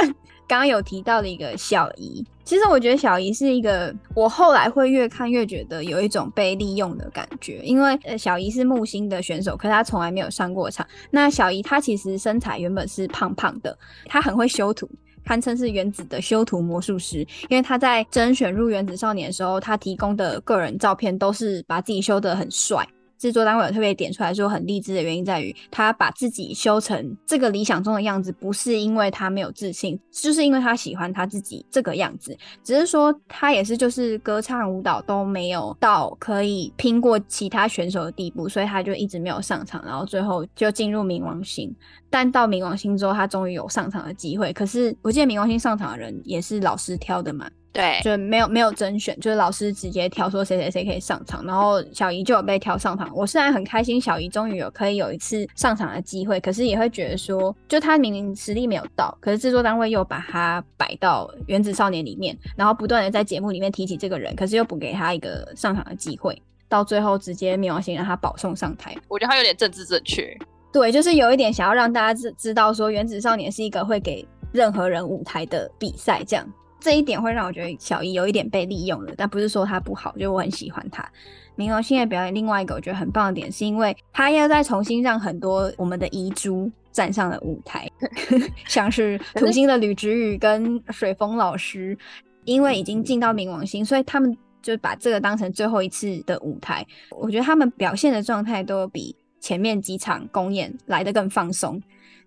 剛 剛有提到的一個小姨，其實我覺得小姨是一個，我後來會越看越覺得有一種被利用的感覺，因為呃，小姨是木星的選手，可是她從來沒有上過場。那小姨她其實身材原本是胖胖的，她很會修圖，堪稱是原子的修圖魔術師。因為她在甄選入原子少年的時候，她提供的個人照片都是把自己修得很帥。製作單位有特別點出來，說很勵志的原因在於，他把自己修成這個理想中的樣子，不是因為他沒有自信，就是因為他喜歡他自己這個樣子。只是說他也是就是歌唱舞蹈都沒有到可以拼過其他選手的地步，所以他就一直沒有上場。然後最後就進入冥王星，但到冥王星之後，他終於有上場的機會。可是我記得冥王星上場的人也是老師挑的嘛？對，就沒有沒有甄選，就是老師直接挑說誰誰誰可以上場，然後小姨就有被挑上場。我雖然很開心小姨終於有可以有一次上場的機會，可是也會覺得說，就她明明實力沒有到，可是制作單位又把她擺到原子少年裡面，然後不斷的在節目裡面提起這個人，可是又不給她一個上場的機會，到最後直接冥王星讓她保送上台。我覺得他有點政治正確，對，就是有一點想要讓大家知知道說原子少年是一個會給任何人舞台的比賽這樣。這一點會讓我覺得小姨有一點被利用了，但不是說他不好，就我很喜歡他。冥王星的表演，另外一個我覺得很棒的點，是因為他要再重新讓很多我們的遺珠站上了舞台， 像是土星的呂植宇跟水峰老師，是因為已經進到冥王星，所以他們就把這個當成最後一次的舞台。我覺得他們表現的狀態都有比前面幾場公演來得更放鬆。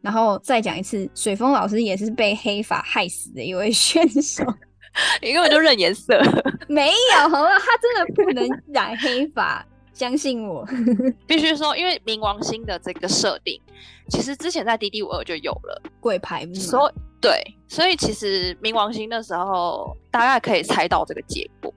然後再講一次，水峰老師也是被黑髮害死的一位選手。 你根本就認顏色， 沒有，他真的不能染黑髮， 相信我。 必須說，因為冥王星的這個設定，其實之前在 DD52 就有了鬼牌。所以對，所以其實冥王星那時候大概可以猜到這個結果。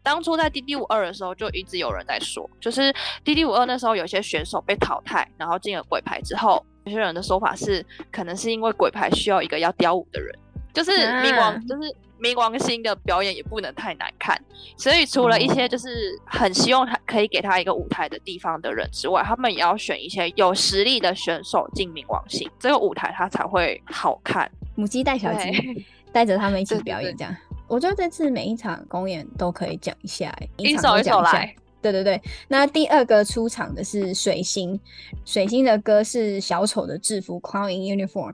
當初在 DD52 的時候，就一直有人在說，就是 DD52 那時候有些選手被淘汰，然後進了鬼牌之後。有些人的說法是，可能是因為鬼牌需要一個要雕舞的人，就是冥王，啊、就是冥王星的表演也不能太難看，所以除了一些就是很希望他可以給他一個舞台的地方的人之外，他們也要選一些有實力的選手進冥王星這個舞台，他才會好看。母雞帶小雞，帶着對他們一起表演，這樣。對對對，我覺得這次每一場公演都可以講一下、欸、一場講一下，一首一首來。對對對，那第二個出場的是水星，水星的歌是小丑的制服 （Crying Uniform）。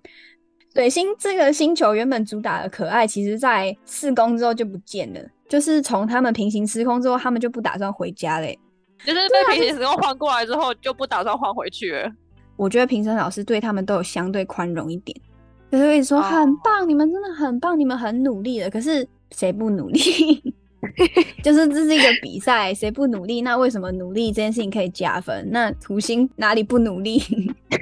水星這個星球原本主打的可愛，其實，在四公之後就不見了。就是從他們平行時空之後，他們就不打算回家嘞。就是平行時空換過來之後，就,就不打算換回去了。我覺得評審老師對他們都有相對寬容一點，可是會說很棒，oh. 你們真的很棒，你們很努力了。可是誰不努力？ 就是這是一個比賽，誰不努力，那為什麼努力這件事情可以加分？那土星哪裡不努力？ 他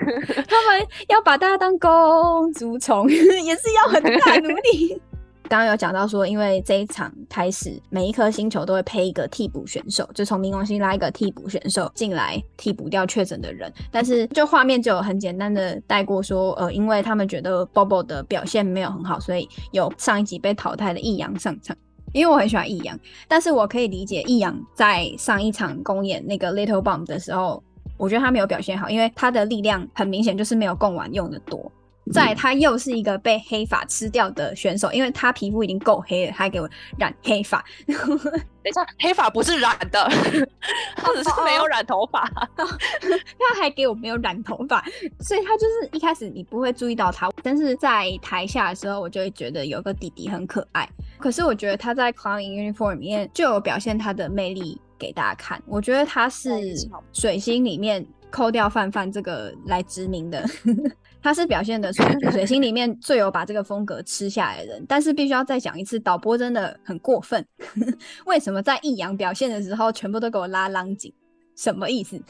們要把大家當公主寵，也是要很大努力。剛剛 有講到說，因為這一場開始，每一顆星球都會配一個替補選手，就從冥王星拉一個替補選手進來，替補掉確診的人。但是就畫面就有很簡單的帶過說，呃，因為他們覺得 Bobo 的表現沒有很好，所以有上一集被淘汰的易陽上場。因為我很喜歡易烊，但是我可以理解易烊在上一場公演那個 Little Bomb 的時候，我覺得他沒有表現好，因為他的力量很明顯就是沒有貢丸用得多。嗯、再來，他又是一個被黑髮吃掉的選手，因為他皮膚已經夠黑了，他還給我染黑髮。等一下， 黑髮不是染的， 他只是沒有染頭髮。 他還給我沒有染頭髮，所以他就是一開始你不會注意到他，但是在台下的時候，我就會覺得有個弟弟很可愛。可是我覺得他在《Clown in Uniform》裡面就有表現他的魅力給大家看。我覺得他是水星裡面扣掉范范這個來殖民的， 他是表現的是水星裡面最有把這個風格吃下來的人。但是必須要再講一次，導播真的很過分。 為什麼在易烊表現的時候，全部都給我拉拉緊？什麼意思？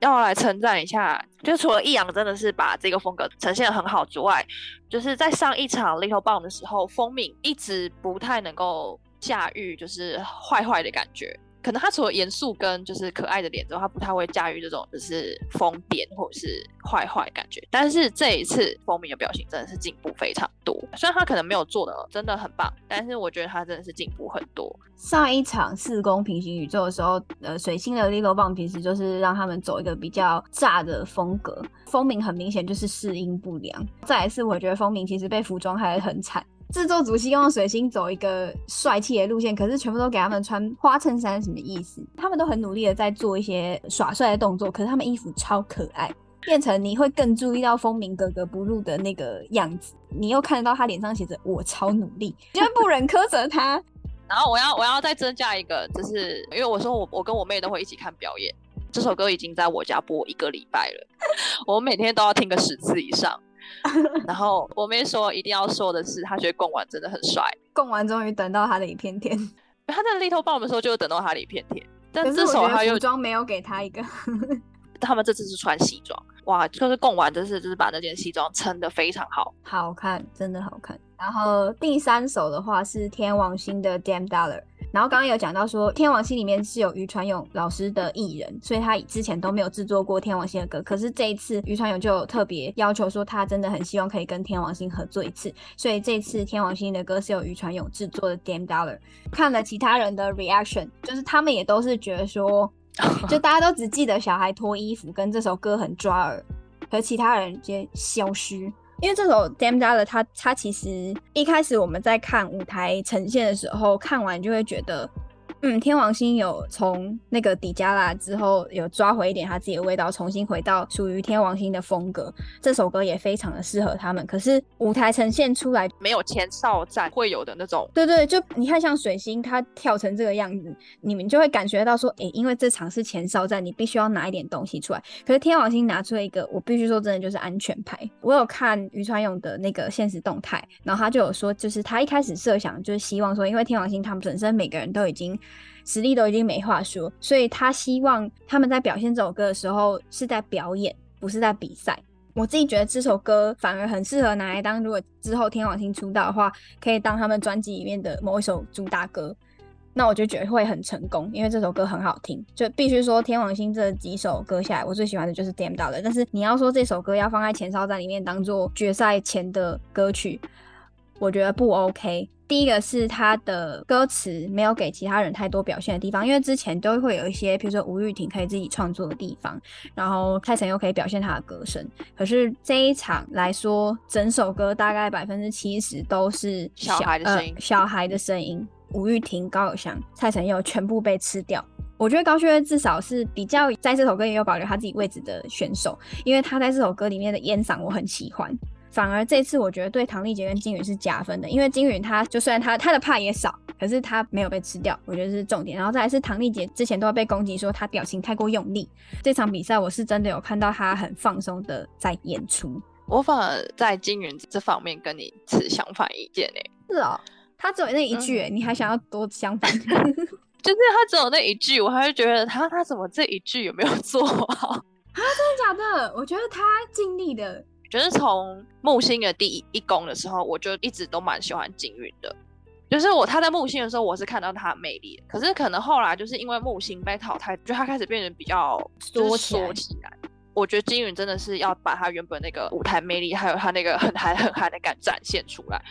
要我來稱讚一下，就除了易烊，真的是把這個風格呈現得很好之外，就是在上一場 Little Bomb 的時候，鋒茫一直不太能夠駕馭，就是壞壞的感覺。可能他除了嚴肅跟就是可愛的臉之外，他不太會駕馭這種就是瘋癲或者是壞壞感覺。但是這一次，風鳴的表情真的是進步非常多。雖然他可能沒有做的真的很棒，但是我覺得他真的是進步很多。上一場四公平行宇宙的時候，呃，水星的 Lilo Bomb 平時就是讓他們走一個比較炸的風格，風鳴很明顯就是適應不良。再一次，我覺得風鳴其實被服裝害得很慘。製作組希望水星走一個帥氣的路線，可是全部都給他們穿花襯衫，什麼意思？他們都很努力的在做一些耍帥的動作，可是他們衣服超可愛，變成你會更注意到風鳴格格不入的那個樣子。你又看得到他臉上寫着“我超努力”，你就 不忍苛責他。然後我要我要再增加一個，就是因為我說我我跟我妹都會一起看表演，這首歌已經在我家播一個禮拜了， 我每天都要聽個十次以上。 然後我妹說，一定要說的是，她覺得貢丸真的很帥，貢丸終於等到他的一片天。他在立頭抱我們的時候就等到他的一片天，但這首還有服裝沒有給他一個。他 們這次是穿西裝哇，就是貢丸這次就是把那件西裝撐得非常好，好看，真的好看。然後第三首的話是天王星的 Damn Dollar。然後剛剛有講到說，天王星裡面是有余傳勇老師的藝人，所以他之前都沒有製作過天王星的歌。可是這一次，余傳勇就有特別要求說，他真的很希望可以跟天王星合作一次。所以這次天王星的歌是由余傳勇製作的《Damn Dollar》。看了其他人的 reaction，就是他們也都是覺得說，就大家都只記得小孩脫衣服跟這首歌很抓耳，和其他人直接消失。因為這首《Damn Darling》，它，他他其實一開始我們在看舞台呈現的時候，看完就會覺得。嗯，天王星有從那個迪迦拉之後有抓回一點他自己的味道，重新回到屬於天王星的風格。這首歌也非常的適合他們。可是舞台呈現出來沒有前哨戰會有的那種。對,對對，就你看像水星，他跳成這個樣子，你們就會感覺到說，誒、欸，因為這場是前哨戰，你必須要拿一點東西出來。可是天王星拿出了一個，我必須說真的就是安全牌。我有看於川勇的那個限時動態，然後他就有說，就是他一開始設想就是希望說，因為天王星他們本身每個人都已經。實力都已經沒話說，所以他希望他們在表現這首歌的時候是在表演，不是在比賽。我自己覺得這首歌反而很適合拿來當，如果之後天王星出道的話，可以當他們專輯裡面的某一首主打歌。那我就覺得會很成功，因為這首歌很好聽。就必須說天王星這幾首歌下來，我最喜歡的就是《Damn Dawg》的。但是你要說這首歌要放在前哨戰裡面當做決賽前的歌曲，我覺得不 OK。第一個是他的歌詞沒有給其他人太多表現的地方，因為之前都會有一些，譬如說吳玉婷可以自己創作的地方，然後蔡成又可以表現他的歌聲。可是這一場來說，整首歌大概百分之七十都是小，小孩的聲音。呃，小孩的聲音，吳玉婷、高友祥、蔡成又全部被吃掉。我覺得高旭威至少是比較在這首歌也有保留他自己位置的選手，因為他在這首歌裡面的煙嗓我很喜歡。反而這次我覺得對唐麗傑跟金允是加分的，因為金允他就雖然他，他的怕也少，可是他沒有被吃掉，我覺得是重點。然後再來是唐麗傑之前都要被攻擊說他表情太過用力，這場比賽我是真的有看到他很放鬆的在演出。我反而在金允這方面跟你持相反意見呢。是啊、哦，他只有那一句、欸，嗯、你還想要多相反？ 就是他只有那一句，我還是覺得他他怎麼這一句有沒有做好啊？真的假的？我覺得他盡力的。就是從木星的第一一公的時候，我就一直都蠻喜歡金云的。就是我他在木星的時候，我是看到他的魅力的。可是可能後來就是因為木星被淘汰，就他開始變得比較縮縮起,起來。我覺得金云真的是要把他原本那個舞台魅力，還有他那個很憨很憨的感展現出來。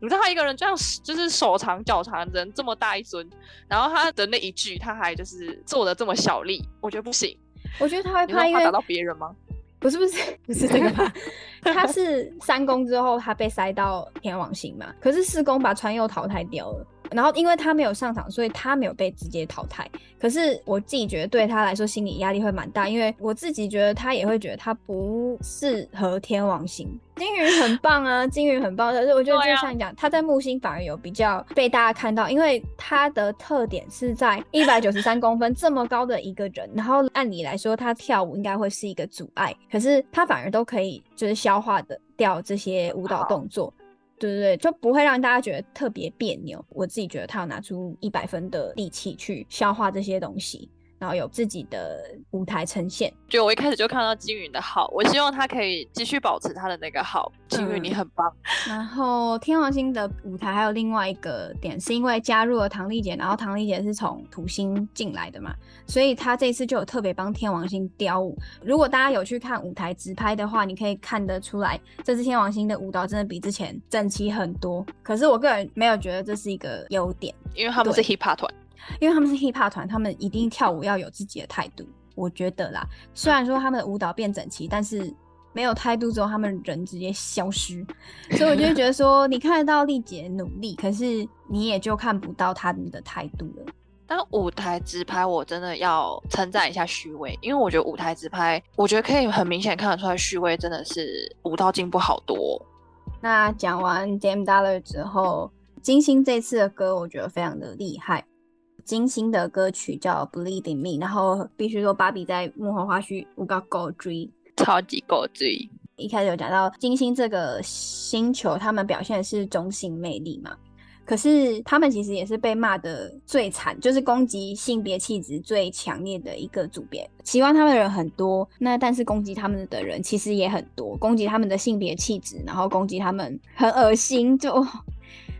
你知道他一個人這樣，就是手長腳長人這麼大一尊，然後他的那一句他還就是做的這麼小力，我覺得不行。我覺得他還怕因，因打到別人嗎？不是不是不是這個吧？ 他是三公之後，他被塞到天王星嘛。可是四公把川佑淘汰掉了。然後因為他沒有上場，所以他沒有被直接淘汰。可是我自己覺得對他來說心理壓力會蠻大，因為我自己覺得他也會覺得他不適合天王星。金魚很棒啊， 金魚很棒。可是我覺得就像你講，他在木星反而有比較被大家看到，因為他的特點是在一百九十三公分這麼高的一個人，然後按理來說他跳舞應該會是一個阻礙，可是他反而都可以就是消化的掉這些舞蹈動作。對對對，就不會讓大家覺得特別別扭。我自己覺得他有拿出一百分的力氣去消化這些東西。然後有自己的舞台呈現，就我一開始就看到金云的好，我希望他可以繼續保持他的那個好。金云，你很棒。然後天王星的舞台還有另外一個點，是因為加入了唐麗姐，然後唐麗姐是從土星進來的嘛，所以她這次就有特別幫天王星雕舞。如果大家有去看舞台直拍的話，你可以看得出來，這支天王星的舞蹈真的比之前整齊很多。可是我個人沒有覺得這是一個優點，因為他們是 hip hop 團。因為他們是 hiphop 團，他們一定跳舞要有自己的態度。我覺得啦，雖然說他們的舞蹈變整齊，但是沒有態度之後，他們人直接消失。所以我就覺得說， 你看得到麗姐努力，可是你也就看不到他們的態度了。當舞台直拍我真的要稱讚一下虛巍，因為我覺得舞台直拍，我覺得可以很明顯看得出來虛巍真的是舞蹈進步好多。那講完 Damn Dollar 之後，金星這次的歌我覺得非常的厲害。金星的歌曲叫《Believe in Me》，然後必須說，芭比在幕後花絮，我夠狗追，超級狗追。一開始有講到金星這個星球，他們表現是中性魅力嘛，可是他們其實也是被罵的最慘，就是攻擊性別氣質最強烈的一個組別，喜歡他們的人很多，那但是攻擊他們的人其實也很多，攻擊他們的性別氣質，然後攻擊他們很惡心，就。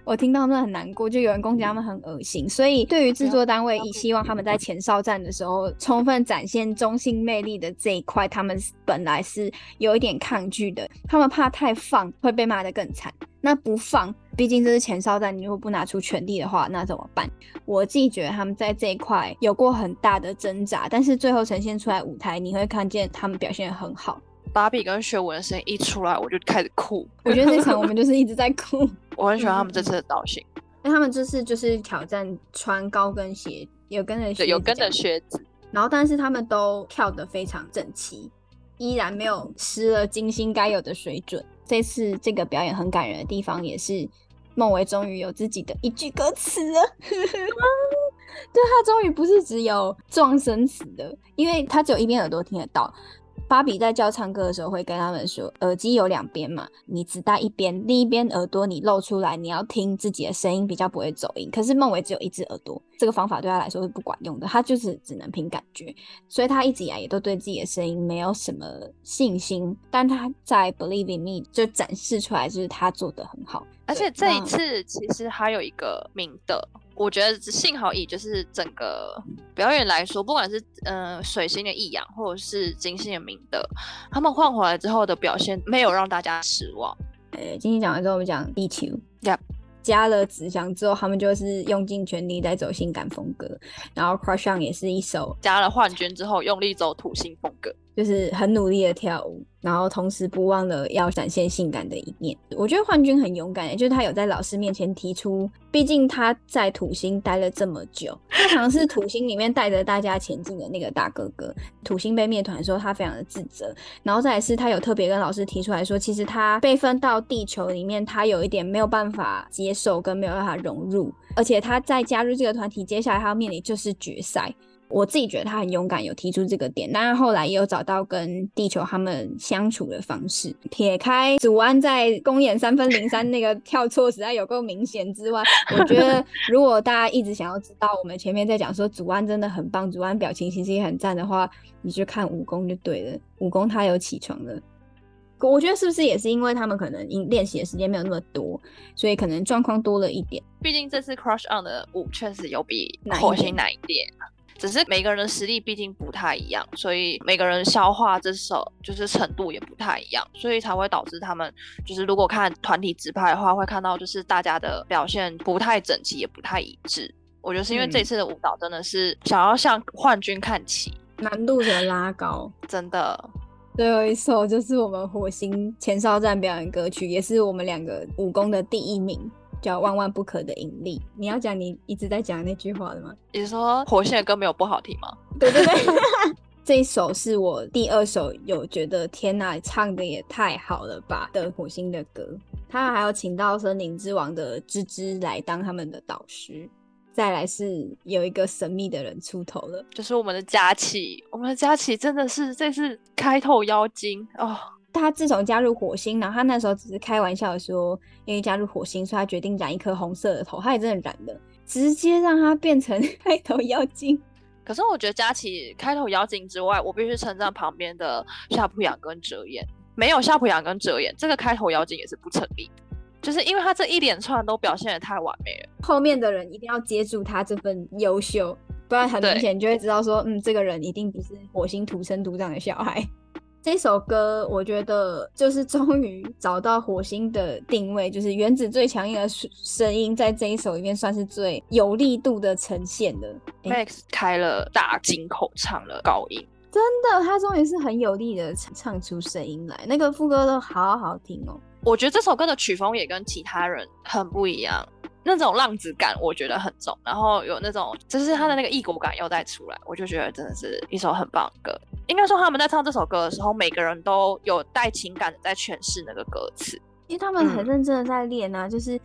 我聽到真的很難過，就有人攻擊他們很噁心，所以對於制作單位，也希望他們在前哨戰的時候充分展現中性魅力的這一塊，他們本來是有一點抗拒的，他們怕太放會被罵得更慘。那不放，畢竟這是前哨戰，你如果不拿出全力的話，那怎麼辦？我自己覺得他們在這一塊有過很大的掙扎，但是最後呈現出來舞台，你會看見他們表現得很好。芭比跟學文的聲音一出來，我就開始哭。我覺得那場我們就是一直在哭。 我很喜歡他們這次的造型，那他們就是就是挑戰穿高跟鞋，有跟的靴子，有跟然後，但是他們都跳得非常整齊，依然沒有失了金星該有的水準。 這次這個表演很感人的地方，也是孟薇終於有自己的一句歌詞了。 對他終於不是只有狀聲詞的，因為他只有一邊耳朵聽得到。芭比在教唱歌的時候，會跟他們說，耳機有兩邊嘛，你只戴一邊，另一邊耳朵你露出來，你要聽自己的聲音比較不會走音。可是孟偉只有一隻耳朵，這個方法對他來說是不管用的，他就是只能憑感覺，所以他一直以來也都對自己的聲音沒有什麼信心。但他在 Believe in Me 就展示出來，就是他做得很好。而且這一次其實還有一個名的。我覺得幸好，以就是整個表演來說，不管是嗯、呃、水星的異樣或者是金星的明德，他們換回來之後的表現沒有讓大家失望。呃，金星講完之後，我們講地球。加 Yep. 加了子祥之後，他們就是用盡全力在走性感風格。然後 Crush On 也是一首加了幻覺之後用力走土星風格。就是很努力的跳舞，然後同時不忘了要展現性感的一面。我覺得幻君很勇敢、欸，也就是他有在老師面前提出，畢竟他在土星待了這麼久，他常常是土星裡面帶着大家前進的那個大哥哥。土星被滅團的時候，他非常的自責，然後再來是他有特別跟老師提出來說，其實他被分到地球裡面，他有一點沒有辦法接受跟沒有辦法融入，而且他在加入這個團體，接下來他要面臨就是決賽。我自己覺得他很勇敢，有提出這個點。當然後來也有找到跟地球他們相處的方式。撇開祖安在公演三分零三那個跳錯實在有夠明顯之外，我覺得如果大家一直想要知道我們前面在講說祖安真的很棒，祖安表情其實也很贊的話，你去看武功就對了。武功他有起床了，我覺得是不是也是因為他們可能因練習的時間沒有那麼多，所以可能狀況多了一點。畢竟這次 Crush On 的舞確實有比火星難一點。只是每個人的實力畢竟不太一樣，所以每個人消化這首就是程度也不太一樣，所以才會導致他們就是如果看團體直拍的話，會看到就是大家的表現不太整齊，也不太一致。我覺得是因為這次的舞蹈真的是想要向冠軍看齊，嗯、的難度的拉高， 真的。最後一首就是我們火星前哨戰表演歌曲，也是我們兩個武功的第一名。叫萬萬不可的引力，你要講你一直在講那句話的嗎？你說火星的歌沒有不好聽嗎？對對對， 這一首是我第二首有覺得天哪，唱的也太好了吧的火星的歌。他還有請到森林之王的芝芝來當他們的導師。再來是有一個神秘的人出頭了，就是我們的佳琪，我們的佳琪真的是這次開透妖精哦。他自從加入火星，然後他那時候只是開玩笑的說，因為加入火星，所以他決定染一顆紅色的頭。他也真的染了，直接讓他變成開頭妖精。可是我覺得家，佳琪開頭妖精之外，我必須稱讚旁邊的夏普雅跟哲言。沒有夏普雅跟哲言，這個開頭妖精也是不成立。就是因為他這一連串都表現得太完美了，後面的人一定要接住他這份優秀，不然很明顯就會知道說，對嗯，這個人一定不是火星土生土長的小孩。這首歌我覺得就是終於找到火星的定位，就是原子最強音的聲聲音，在這一首裡面算是最有力度的呈現的。Max 開了大金口唱了高音，真的，他終於是很有力的唱出聲音來，那個副歌都好好聽哦。我覺得這首歌的曲風也跟其他人很不一樣，那種浪子感我覺得很重，然後有那種就是他的那個異國感又再出來，我就覺得真的是一首很棒的歌。應該說他們在唱這首歌的時候，每個人都有帶情感的在詮釋那個歌詞，因為他們很認真的在練啊、嗯、就是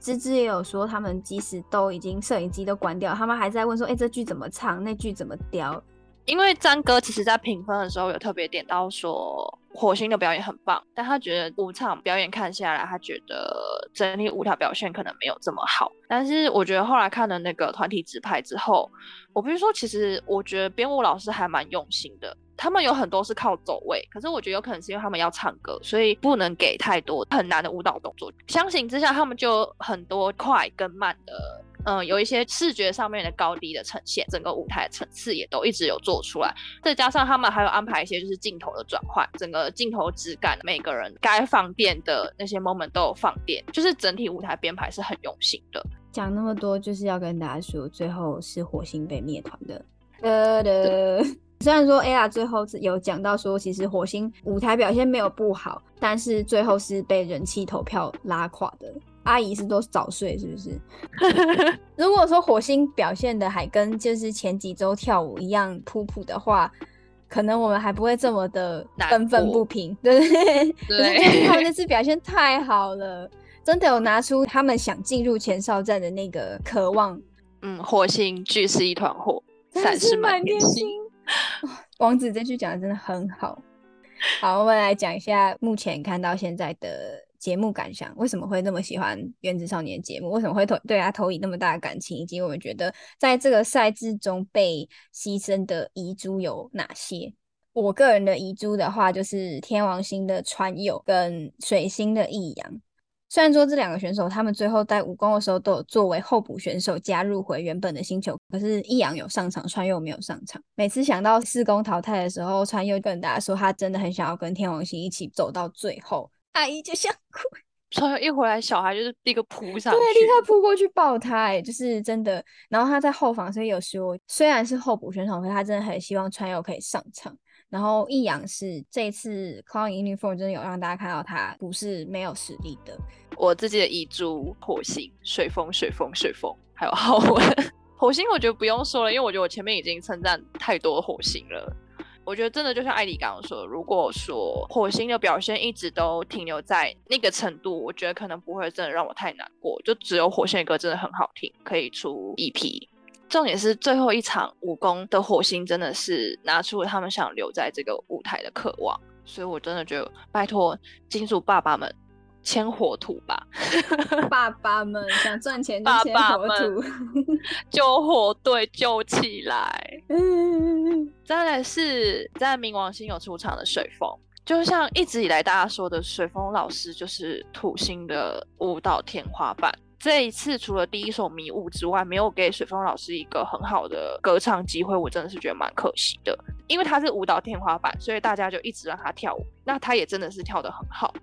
芝芝也有說，他們即使都已經攝影機都關掉，他們還在問說：“哎、欸，這句怎麼唱？那句怎麼雕？”因為張哥其實在評分的時候有特別點到說。火星的表演很棒，但他覺得舞場表演看下來，他覺得整體舞蹈表現可能沒有這麼好。但是我覺得後來看了那個團體直拍之後，我不是說，其實我覺得編舞老師還蠻用心的，他們有很多是靠走位，可是我覺得有可能是因為他們要唱歌，所以不能給太多很難的舞蹈動作。相形之下，他們就很多快跟慢的。嗯，有一些視覺上面的高低的呈現，整個舞台層次也都一直有做出來。再加上他們還有安排一些就是鏡頭的轉換，整個鏡頭質感，每個人該放電的那些 moment 都有放電，就是整體舞台編排是很用心的。講那麼多就是要跟大家說，最後是火星被滅團的。噠噠對雖然說 Ella 最後是有講到說，其實火星舞台表現沒有不好，但是最後是被人氣投票拉垮的。阿姨是都早睡，是不是？ 如果說火星表現的還跟就是前幾周跳舞一樣普普的話，可能我們還不會這麼的憤憤不平，過對不對？對可是最他們那次表現太好了，真的有拿出他們想進入前哨戰的那個渴望。嗯，火星聚是一團火，真是滿,散是滿天星。 王子這句講得真的很好，好，我們來講一下目前看到現在的。節目感想：為什麼會那麼喜歡《原子少年》節目？為什麼會投對他投以那麼大的感情？以及我們覺得在這個賽制中被犧牲的遺珠有哪些？我個人的遺珠的話，就是天王星的川友跟水星的易陽。雖然說這兩個選手他們最後在五公的時候都有作為候補選手加入回原本的星球，可是易陽有上場，川友沒有上場。每次想到四公淘汰的時候，川友跟大家說他真的很想要跟天王星一起走到最後。阿姨就想哭，川友一回來，小孩就是立刻撲上去，對，立刻撲過去抱他，欸，哎，就是真的。然後他在後方，所以有時候雖然是候補選手，可他真的很希望川友可以上場。然後易陽是這次《Clothing Uniform》真的有讓大家看到他不是沒有實力的。我自己的遺珠火星，水風水風水風，還有浩文 火星，我覺得不用說了，因為我覺得我前面已經稱讚太多火星了。我覺得真的就像艾迪剛剛說，如果說火星的表現一直都停留在那個程度，我覺得可能不會真的讓我太難過。就只有火星的歌真的很好聽，可以出 EP。重點是最後一場五公的火星真的是拿出了他們想留在這個舞台的渴望，所以我真的覺得拜托金主爸爸們。牽火土吧 爸爸們想賺錢 爸，牽火土，救火隊救起來。嗯，再來是在冥王星有出場的水風，就像一直以來大家說的，水風老師就是土星的舞蹈天花板。這一次除了第一首《迷霧》之外，沒有給水峰老師一個很好的歌唱機會，我真的是覺得蠻可惜的。因為他是舞蹈天花板，所以大家就一直讓他跳舞。那他也真的是跳得很好，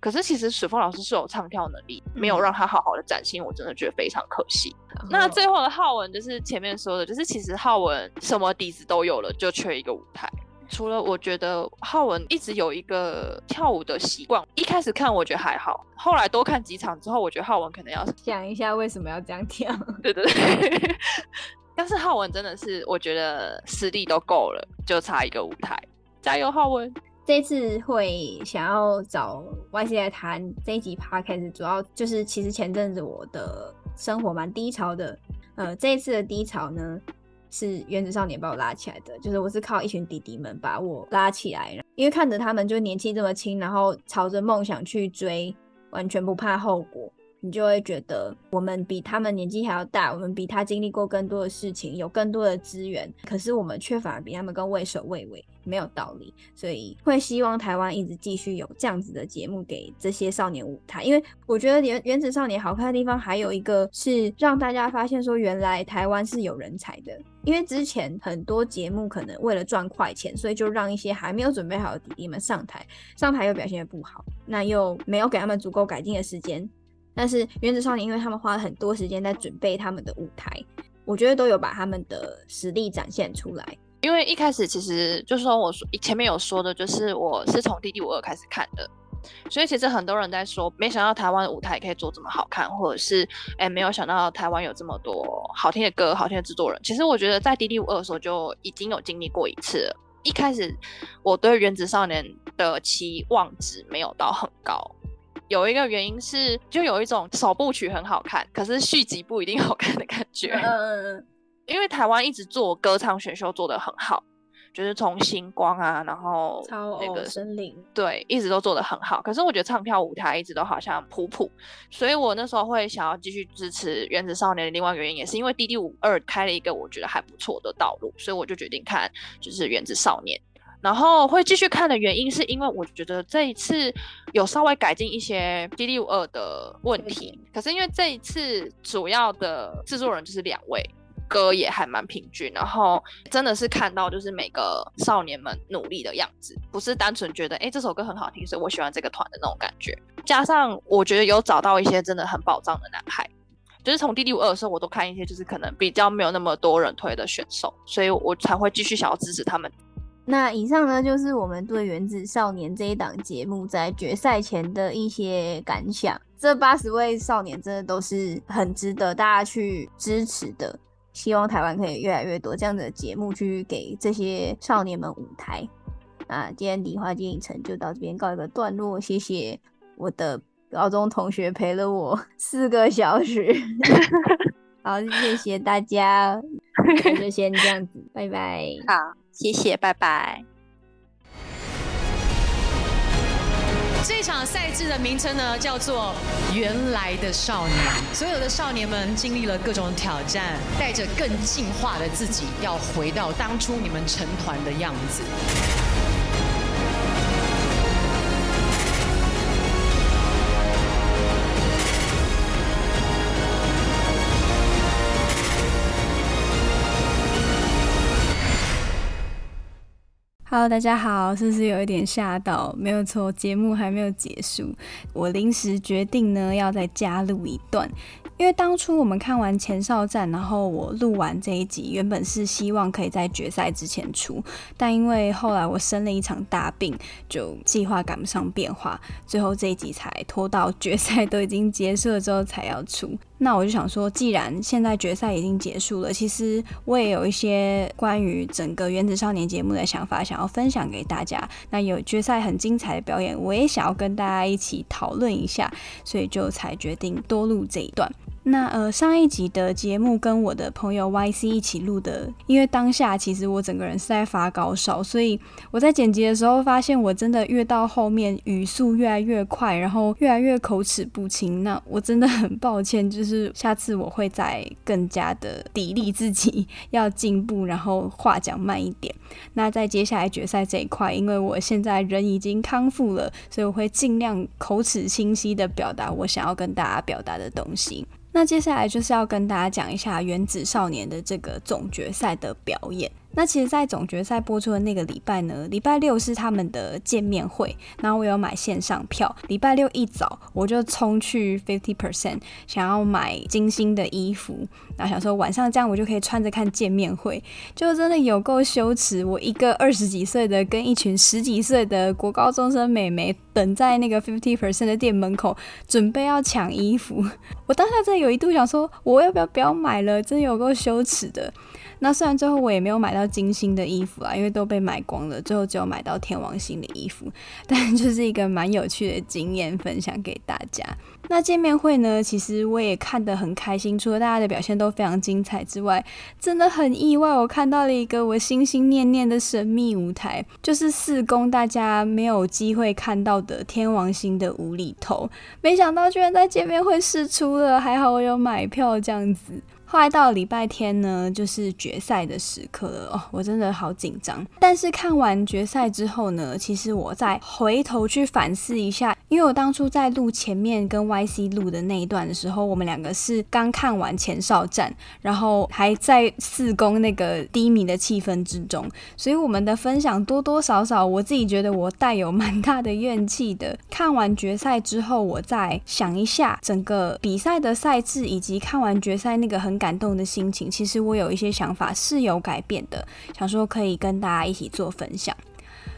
可是其實水峰老師是有唱跳能力，沒有讓他好好的展現，我真的覺得非常可惜。嗯、那最後的浩文就是前面說的，就是其實浩文什麼底子都有了，就缺一個舞台。除了我覺得浩文一直有一個跳舞的習慣，一開始看我覺得還好，後來多看幾場之後，我覺得浩文可能要想一下為什麼要這樣跳。對對、對 但是浩文真的是，我覺得實力都夠了，就差一個舞台。加油，浩文！這次會想要找 YC 來談這一集 Podcast，主要就是其實前陣子我的生活蠻低潮的，呃，這一次的低潮呢。是《原子少年》把我拉起來的，就是我是靠一群弟弟們把我拉起來，因為看着他們就年紀這麼輕，然後朝着夢想去追，完全不怕後果。你就會覺得我們比他們年紀還要大，我們比他經歷過更多的事情，有更多的資源，可是我們卻反而比他們更畏首畏尾，沒有道理。所以會希望台灣一直繼續有這樣子的節目給這些少年舞台，因為我覺得原，《原子少年》好看的地方還有一個是讓大家發現說，原來台灣是有人才的。因為之前很多節目可能為了賺快錢，所以就讓一些還沒有準備好的弟弟們上台，上台又表現得不好，那又沒有給他們足夠改進的時間。但是原子少年，因為他們花了很多時間在準備他們的舞台，我覺得都有把他們的實力展現出來。因為一開始其實就是說，說，我說前面有說的，就是我是從 DD52 開始看的，所以其實很多人在說，沒想到台灣的舞台可以做這麼好看，或者是哎，沒有想到台灣有這麼多好聽的歌、好聽的製作人。其實我覺得在 DD52 的時候就已經有經歷過一次了。一開始我對原子少年的期望值沒有到很高。有一個原因是，就有一種首部曲很好看，可是續集不一定好看的感覺。嗯，因為台灣一直做歌唱選秀做得很好，就是從星光啊，然後那個森林，對，一直都做得很好。可是我覺得唱跳舞台一直都好像普普，所以我那時候會想要繼續支持原子少年的。另外一個原因也是因為 D D 五二開了一個我覺得還不錯的道路，所以我就決定看，就是原子少年。然後會繼續看的原因，是因為我覺得這一次有稍微改進一些《DD52》的問題。對可是因為這一次主要的制作人就是兩位，歌也還蠻平均。然後真的是看到就是每個少年們努力的樣子，不是單純覺得哎這首歌很好聽，所以我喜歡這個團的那種感覺。加上我覺得有找到一些真的很寶藏的男孩，就是從《DD52》的時候，我都看一些就是可能比較沒有那麼多人推的選手，所以我才會繼續想要支持他們。那以上呢，就是我們對《原子少年》這一檔節目在決賽前的一些感想。這八十位少年真的都是很值得大家去支持的。希望台灣可以越來越多這樣的節目，去給這些少年們舞台。那今天迪話街影城就到這邊告一個段落，謝謝我的高中同學陪了我四個小時。 好，謝謝大家， 就先這樣子，拜拜。好。謝謝，拜拜。這場賽制的名稱呢，叫做《原來的少年》。所有的少年們經歷了各種挑戰，帶着更進化的自己，要回到當初你們成團的樣子。Hello，大家好，是不是有一點嚇到？沒有錯，節目還沒有結束。我臨時決定呢，要再加錄一段，因為當初我們看完前哨戰，然後我錄完這一集，原本是希望可以在決賽之前出，但因為後來我生了一場大病，就計劃趕不上變化，最後這一集才拖到決賽都已經結束了之後才要出。那我就想說，既然現在決賽已經結束了，其實我也有一些關於整個《原子少年》節目的想法，想要分享給大家。那有決賽很精彩的表演，我也想要跟大家一起討論一下，所以就才決定多錄這一段。那呃，上一集的節目跟我的朋友 YC 一起錄的，因為當下其實我整個人是在發高燒，所以我在剪輯的時候發現我真的越到後面語速越來越快，然後越來越口齒不清。那我真的很抱歉，就是下次我會再更加的砥礪自己，要進步，然後話講慢一點。那在接下來決賽這一塊，因為我現在人已經康復了，所以我會盡量口齒清晰地表達我想要跟大家表達的東西。那接下來就是要跟大家講一下《原子少年》的這個總決賽的表演。那其實，在總決賽播出的那個禮拜呢，禮拜六是他們的見面會。然後我有買線上票，禮拜六一早我就衝去 fifty percent 想要買金星的衣服，然後想說晚上這樣我就可以穿着看見面會，就真的有夠羞恥。我一個二十幾歲的，跟一群十幾歲的國高中生美眉等在那個 fifty percent 的店門口，準備要搶衣服。我當下真的有一度想說，我要不要不要買了？真的有夠羞恥的。那雖然最後我也沒有買到金星的衣服啊，因為都被買光了，最後只有買到天王星的衣服，但就是一個蠻有趣的經驗分享給大家。那見面會呢，其實我也看得很開心，除了大家的表現都非常精彩之外，真的很意外，我看到了一個我心心念念的神秘舞台，就是四公大家沒有機會看到的天王星的無厘頭，沒想到居然在見面會試出了，還好我有買票這樣子。快到禮拜天呢，就是決賽的時刻了哦，我真的好緊張。但是看完決賽之後呢，其實我再回頭去反思一下，因為我當初在錄前面跟 YC 錄的那一段的時候，我們兩個是剛看完前哨戰，然後還在四公那個低迷的氣氛之中，所以我們的分享多多少少，我自己覺得我帶有蠻大的怨氣的。看完決賽之後，我再想一下整個比賽的賽制，以及看完決賽那個很感。感動的心情，其實我有一些想法是有改變的，想說可以跟大家一起做分享。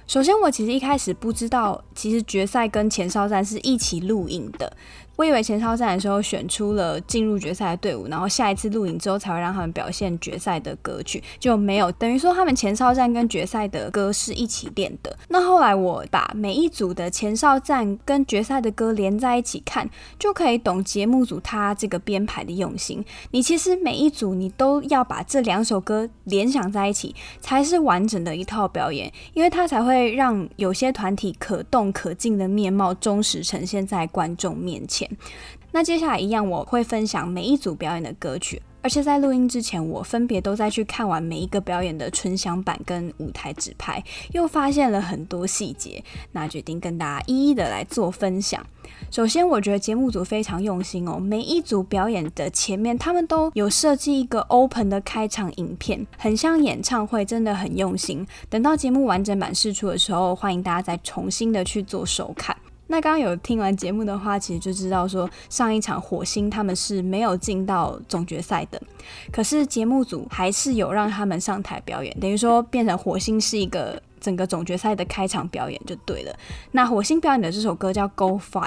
首先，我其實一開始不知道，其實決賽跟前哨戰是一起錄影的。我以為前哨戰的時候選出了進入決賽的隊伍，然後下一次錄影之後才會讓他們表現決賽的歌曲，就沒有，等於說他們前哨戰跟決賽的歌是一起練的。那後來我把每一組的前哨戰跟決賽的歌連在一起看，就可以懂節目組他這個編排的用心。你其實每一組你都要把這兩首歌聯想在一起，才是完整的一套表演，因為它才會讓有些團體可動可靜的面貌忠實呈現在觀眾面前。那接下來一樣，我會分享每一組表演的歌曲，而且在錄音之前，我分別都在去看完每一個表演的純享版跟舞台直拍，又發現了很多細節，那決定跟大家一一的來做分享。首先，我覺得節目組非常用心哦，每一組表演的前面，他們都有設計一個 open 的開場影片，很像演唱會，真的很用心。等到節目完整版釋出的時候，歡迎大家再重新的去做收看。那剛剛有聽完節目的話，其實就知道說上一場火星他們是沒有進到總決賽的，可是節目組還是有讓他們上台表演，等於說變成火星是一個整個總決賽的開場表演就對了。那火星表演的這首歌叫《Go Fire》，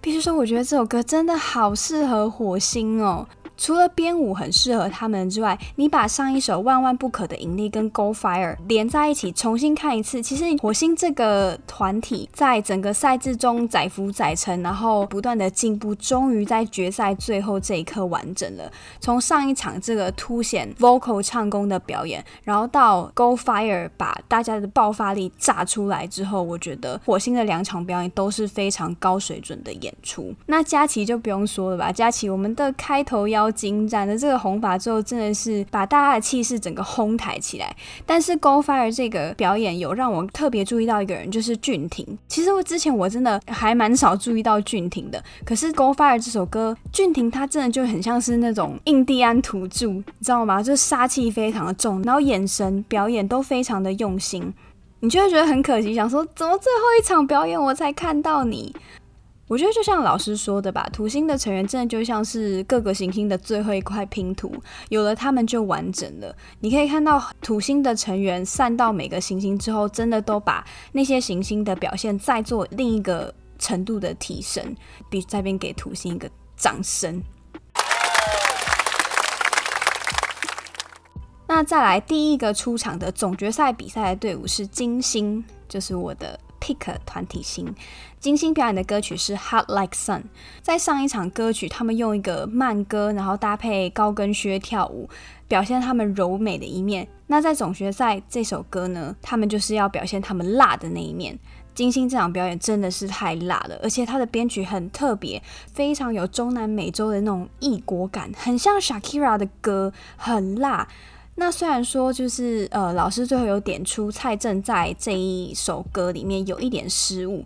必須說我覺得這首歌真的好適合火星哦。除了編舞很適合他們之外，你把上一首萬萬不可的引力跟 Go Fire 連在一起重新看一次，其實火星這個團體在整個賽制中載浮載沉，然後不斷的進步，終於在決賽最後這一刻完整了。從上一場這個凸顯 vocal 唱功的表演，然後到 Go Fire 把大家的爆發力炸出來之後，我覺得火星的兩場表演都是非常高水準的演出。那佳琪就不用說了吧，佳琪，我們的開頭要。精湛的這個紅髮之後，真的是把大家的氣勢整個烘抬起來。但是《Go Fire》這個表演有讓我特別注意到一個人，就是俊廷。其實我之前我真的還蠻少注意到俊廷的。可是《Go Fire》這首歌，俊廷他真的就很像是那種印第安土著，你知道嗎？就殺氣非常的重，然後眼神表演都非常的用心。你就會覺得很可惜，想說怎麼最後一場表演我才看到你。我覺得就像老師說的吧，土星的成員真的就像是各個行星的最後一塊拼圖，有了他們就完整了。你可以看到土星的成員散到每個行星之後，真的都把那些行星的表現再做另一個程度的提升。比在這邊給土星一個掌聲。 那再來第一個出場的總決賽比賽的隊伍是金星，就是我的，Pick 團體型，金星表演的歌曲是《Hot Like Sun》。在上一場歌曲，他們用一個慢歌，然後搭配高跟靴跳舞，表現他們柔美的一面。那在總決賽這首歌呢，他們就是要表現他們辣的那一面。金星這場表演真的是太辣了，而且他的編曲很特別，非常有中南美洲的那種異國感，很像 Shakira 的歌，很辣。那雖然說，就是呃，老師最後有點出蔡正在這一首歌裡面有一點失誤，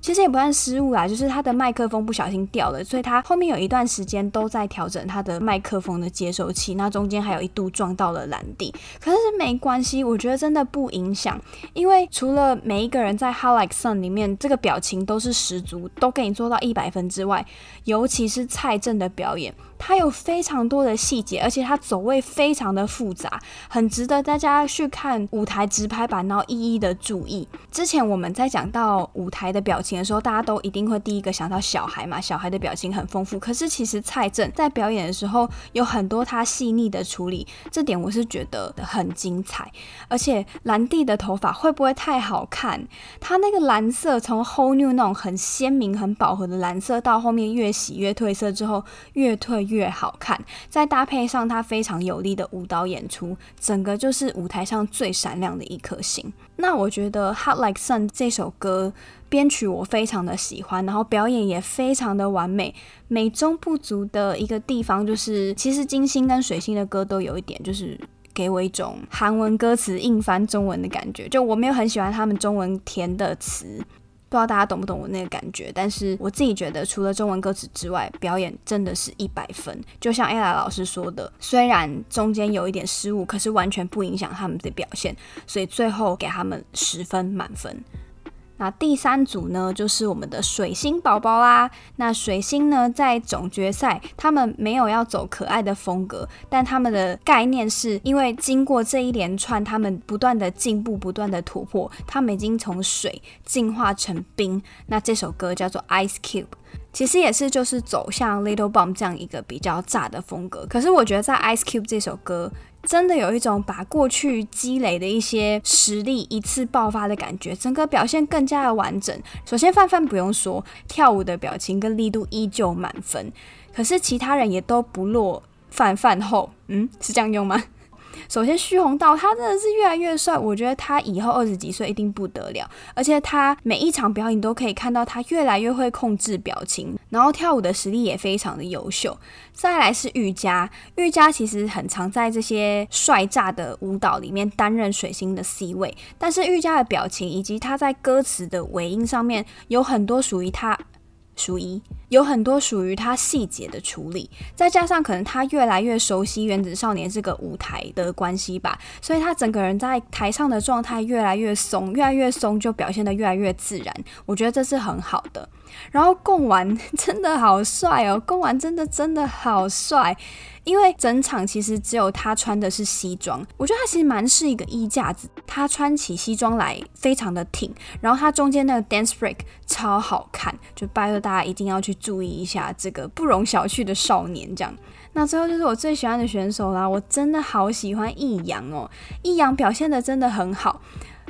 其實也不算失誤啦，就是他的麥克風不小心掉了，所以他後面有一段時間都在調整他的麥克風的接收器。那中間還有一度撞到了藍地，可是沒關係，我覺得真的不影響，因為除了每一個人在《Hot Like Sun》裡面這個表情都是十足，都給你做到一百分之外，尤其是蔡正的表演。它有非常多的細節，而且它走位非常的複雜，很值得大家去看舞台直拍版，然後一一的注意。之前我們在講到舞台的表情的時候，大家都一定會第一個想到小孩嘛，小孩的表情很豐富。可是其實蔡正在表演的時候有很多他細膩的處理，這點我是覺得很精彩。而且藍蒂的頭髮會不會太好看？他那個藍色從 whole new 那種很鮮明、很飽和的藍色，到後面越洗越褪色之後，越褪越。越好看，再搭配上他非常有力的舞蹈演出，整個就是舞台上最閃亮的一顆星。那我覺得《Hot Like Sun》這首歌編曲我非常的喜歡，然後表演也非常的完美。美中不足的一個地方就是，其實金星跟水星的歌都有一點，就是給我一種韓文歌詞硬翻中文的感覺，就我沒有很喜歡他們中文填的詞。不知道大家懂不懂我那個感覺，但是我自己覺得，除了中文歌詞之外，表演真的是一百分。就像艾拉老師說的，雖然中間有一點失誤，可是完全不影響他們的表現，所以最後給他們十分滿分。那第三組呢，就是我們的水星寶寶啦。那水星呢，在總決賽，他們沒有要走可愛的風格，但他們的概念是因為經過這一連串，他們不斷的進步，不斷的突破，他們已經從水進化成冰。那這首歌叫做《Ice Cube》，其實也是就是走向 Little Bomb 這樣一個比較炸的風格。可是我覺得在《Ice Cube》這首歌，真的有一種把過去積累的一些實力一次爆發的感覺，整個表現更加的完整。首先，范范不用說，跳舞的表情跟力度依舊滿分，可是其他人也都不落范范後，嗯，是這樣用嗎？首先徐，徐宏道他真的是越來越帥，我覺得他以後二十幾歲一定不得了。而且他每一場表演都可以看到他越來越會控制表情，然後跳舞的實力也非常的優秀。再來是玉佳，玉佳其實很常在這些帥炸的舞蹈裡面擔任水星的 C 位，但是玉佳的表情以及他在歌詞的尾音上面有很多屬於他。一有很多屬於他細節的處理，再加上可能他越來越熟悉《原子少年》這個舞台的關係吧，所以他整個人在台上的狀態越來越鬆，越來越鬆就表現得越來越自然，我覺得這是很好的。然後貢丸真的好帥哦，貢丸真的真的好帥。因為整場其實只有他穿的是西裝，我覺得他其實蠻是一個衣架子，他穿起西裝來非常的挺，然後他中間那個 dance break 超好看，就拜托大家一定要去注意一下這個不容小覷的少年。這樣，那最後就是我最喜歡的選手啦，我真的好喜歡易烊哦，易烊表現得真的很好。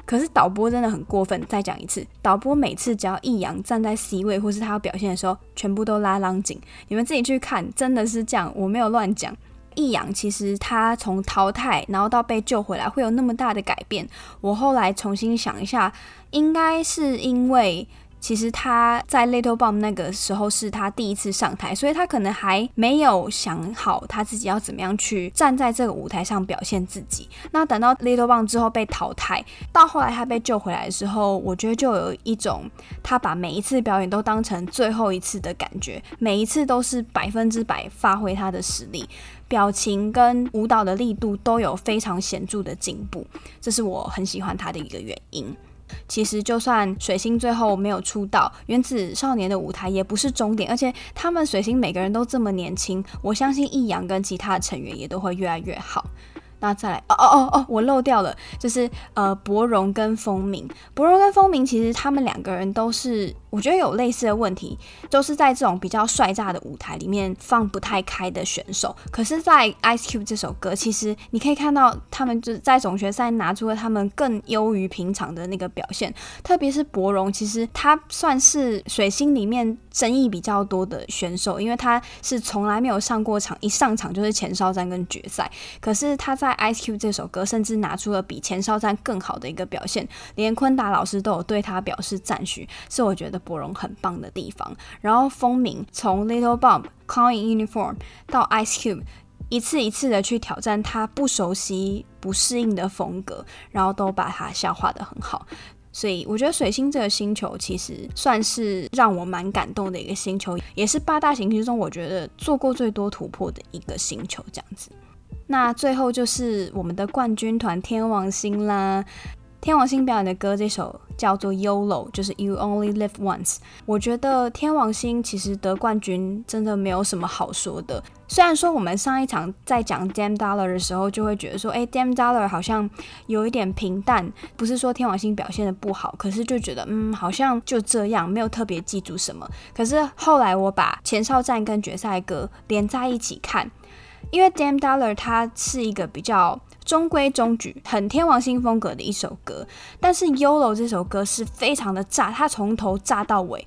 可是導播真的很過分，再講一次，導播每次只要易烊站在 C 位或是他要表現的時候，全部都拉拉緊，你們自己去看，真的是這樣，我沒有亂講。易烊其實他從淘汰，然後到被救回來，會有那麼大的改變。我後來重新想一下，應該是因為。其實他在 Little Bomb 那個時候是他第一次上台，所以他可能還沒有想好他自己要怎麼樣去站在這個舞台上表現自己。那等到 Little Bomb 之後被淘汰，到後來他被救回來的時候，我覺得就有一種他把每一次表演都當成最後一次的感覺，每一次都是百分之百發揮他的實力，表情跟舞蹈的力度都有非常顯著的進步，這是我很喜歡他的一個原因。其實，就算水星最後沒有出道，原子少年的舞台也不是終點。而且，他們水星每個人都這麼年輕，我相信易陽跟其他的成員也都會越來越好。那再來，哦哦哦哦，我漏掉了，就是呃，柏榮跟風鳴。柏榮跟風鳴其實他們兩個人都是。我覺得有類似的問題，都、就是在這種比較帥炸的舞台裡面放不太開的選手。可是，在 Ice Cube 這首歌，其實你可以看到他們就是在總決賽拿出了他們更優於平常的那個表現。特別是博榮，其實他算是水星裡面爭議比較多的選手，因為他是從來沒有上過場，一上場就是前哨戰跟決賽。可是他在 Ice Cube 這首歌，甚至拿出了比前哨戰更好的一個表現，連坤達老師都有對他表示讚許，是我覺得。博龍很棒的地方，然後風鳴從 Little Bomb Clown Uniform 到 Ice Cube，一次一次的去挑戰他不熟悉、不適應的風格，然後都把它消化的很好。所以我覺得水星這個星球其實算是讓我蠻感動的一個星球，也是八大行星中我覺得做過最多突破的一個星球。這樣子，那最後就是我們的冠軍團天王星啦，天王星表演的歌這首。叫做 YOLO，就是 You Only Live Once。我覺得天王星其實得冠軍真的沒有什麼好說的。雖然說我們上一場在講 Damn Dollar 的時候，就會覺得說，誒，Damn Dollar 好像有一點平淡，不是說天王星表現得不好，可是就覺得，嗯，好像就這樣，沒有特別記住什麼。可是後來我把前哨戰跟決賽歌連在一起看。因為 Damn Dollar 它是一個比較中規中矩、很天王星風格的一首歌，但是 YOLO 這首歌是非常的炸，它從頭炸到尾。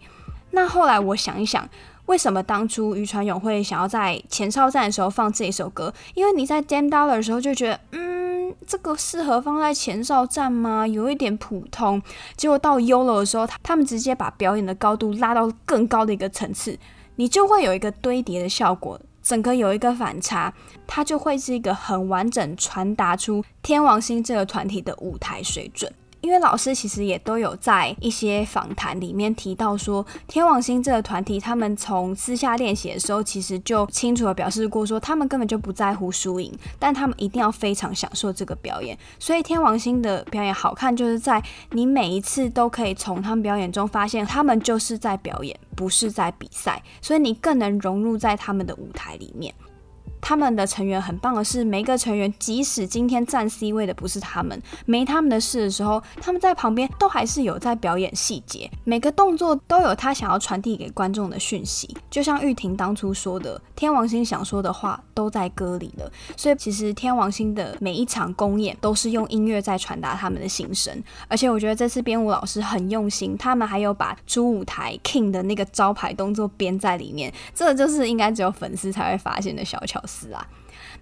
那後來我想一想，為什麼當初於傳勇會想要在前哨戰的時候放這首歌？因為你在 Damn Dollar 的時候就覺得，嗯，這個適合放在前哨戰嗎？有一點普通。結果到 YOLO 的時候，他他們直接把表演的高度拉到更高的一個層次，你就會有一個堆疊的效果。整個有一個反差，它就會是一個很完整傳達出天王星這個團體的舞台水準。因為老師其實也都有在一些訪談裡面提到說，天王星這個團體，他們從私下練習的時候，其實就清楚地表示過說，他們根本就不在乎輸贏，但他們一定要非常享受這個表演。所以天王星的表演好看，就是在你每一次都可以從他們表演中發現，他們就是在表演，不是在比賽，所以你更能融入在他們的舞台裡面。他們的成員很棒的是，每一個成員即使今天站 C 位的不是他們，沒他們的事的時候，他們在旁邊都還是有在表演細節，每個動作都有他想要傳遞給觀眾的訊息。就像玉婷當初說的，天王星想說的話都在歌裡了。所以其實天王星的每一場公演都是用音樂在傳達他們的心聲。而且我覺得這次編舞老師很用心，他們還有把主舞台 King 的那個招牌動作編在裡面，這個，就是應該只有粉絲才會發現的小巧思。啊，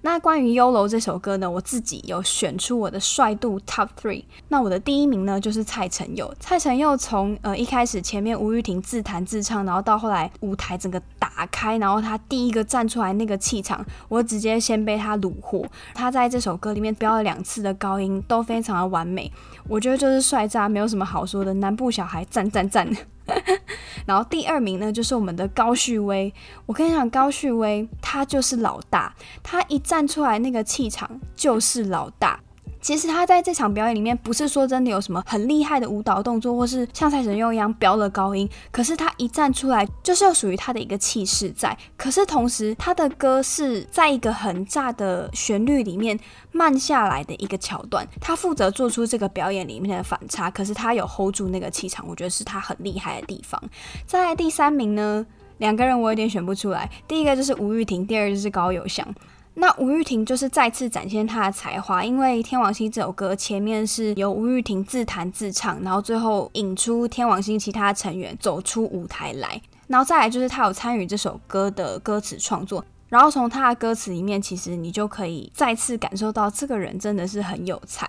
那關於《幽樓》這首歌呢，我自己有選出我的帥度 top three。那我的第一名呢，就是蔡成佑。蔡成佑從呃一開始前面吳玉婷自彈自唱，然後到後來舞台整個打開，然後他第一個站出來那個氣場，我直接先被他虜獲。他在這首歌裡面飆了兩次的高音，都非常的完美。我覺得就是帥炸，沒有什麼好說的。南部小孩讚讚讚！ 然後第二名呢，就是我們的高旭威。我跟你講，高旭威他就是老大，他一站出來，那個氣場就是老大。其實他在這場表演裡面，不是說真的有什麼很厲害的舞蹈動作，或是像蔡徐佑一樣飆了高音。可是他一站出來，就是有屬於他的一個氣勢在。可是同時，他的歌是在一個很炸的旋律裡面慢下來的一個橋段，他負責做出這個表演裡面的反差。可是他有 hold 住那個氣場，我覺得是他很厲害的地方。再來第三名呢，兩個人我有點選不出來。第一個就是吳玉婷，第二個就是高友翔。那吳玉婷就是再次展現她的才華，因為《天王星》這首歌前面是由吳玉婷自彈自唱，然後最後引出天王星其他成員走出舞台來，然後再來就是她有參與這首歌的歌詞創作，然後從她的歌詞裡面，其實你就可以再次感受到這個人真的是很有才，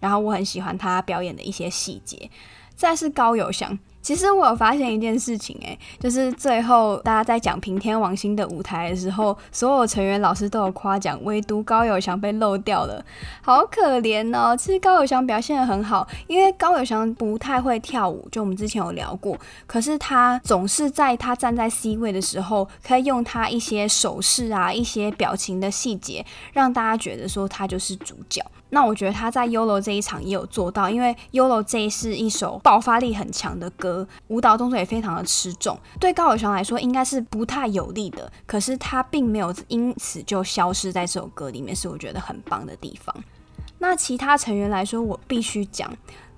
然後我很喜歡她表演的一些細節，再是高友翔。其實我有發現一件事情、欸，哎，就是最後大家在講《平天王星》的舞台的時候，所有成員老師都有誇獎，唯獨高友祥被漏掉了，好可憐哦！其實高友祥表現得很好，因為高友祥不太會跳舞，就我們之前有聊過，可是他總是在他站在 C 位的時候，可以用他一些手勢啊、一些表情的細節，讓大家覺得說他就是主角。那我覺得他在 YOLO 這一場也有做到，因為 YOLO 這一是一首爆發力很強的歌，舞蹈動作也非常的吃重，對高偉翔來說應該是不太有利的。可是他並沒有因此就消失在這首歌裡面，是我覺得很棒的地方。那其他成員來說，我必須講。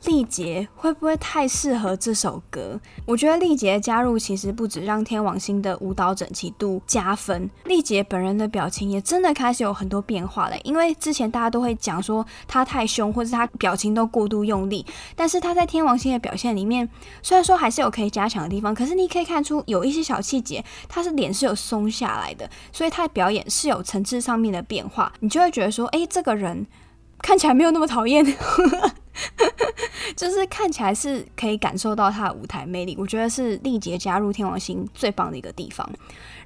麗杰會不會太適合這首歌？我覺得力杰加入其實不止讓天王星的舞蹈整齊度加分，麗杰本人的表情也真的開始有很多變化了。因為之前大家都會講說他太凶，或者他表情都過度用力。但是他在天王星的表現裡面，雖然說還是有可以加強的地方，可是你可以看出有一些小細節，他是臉是有鬆下來的，所以他的表演是有層次上面的變化。你就會覺得說，哎，這個人看起來沒有那麼討厭。 就是看起來是可以感受到他的舞台魅力，我覺得是力杰加入天王星最棒的一個地方。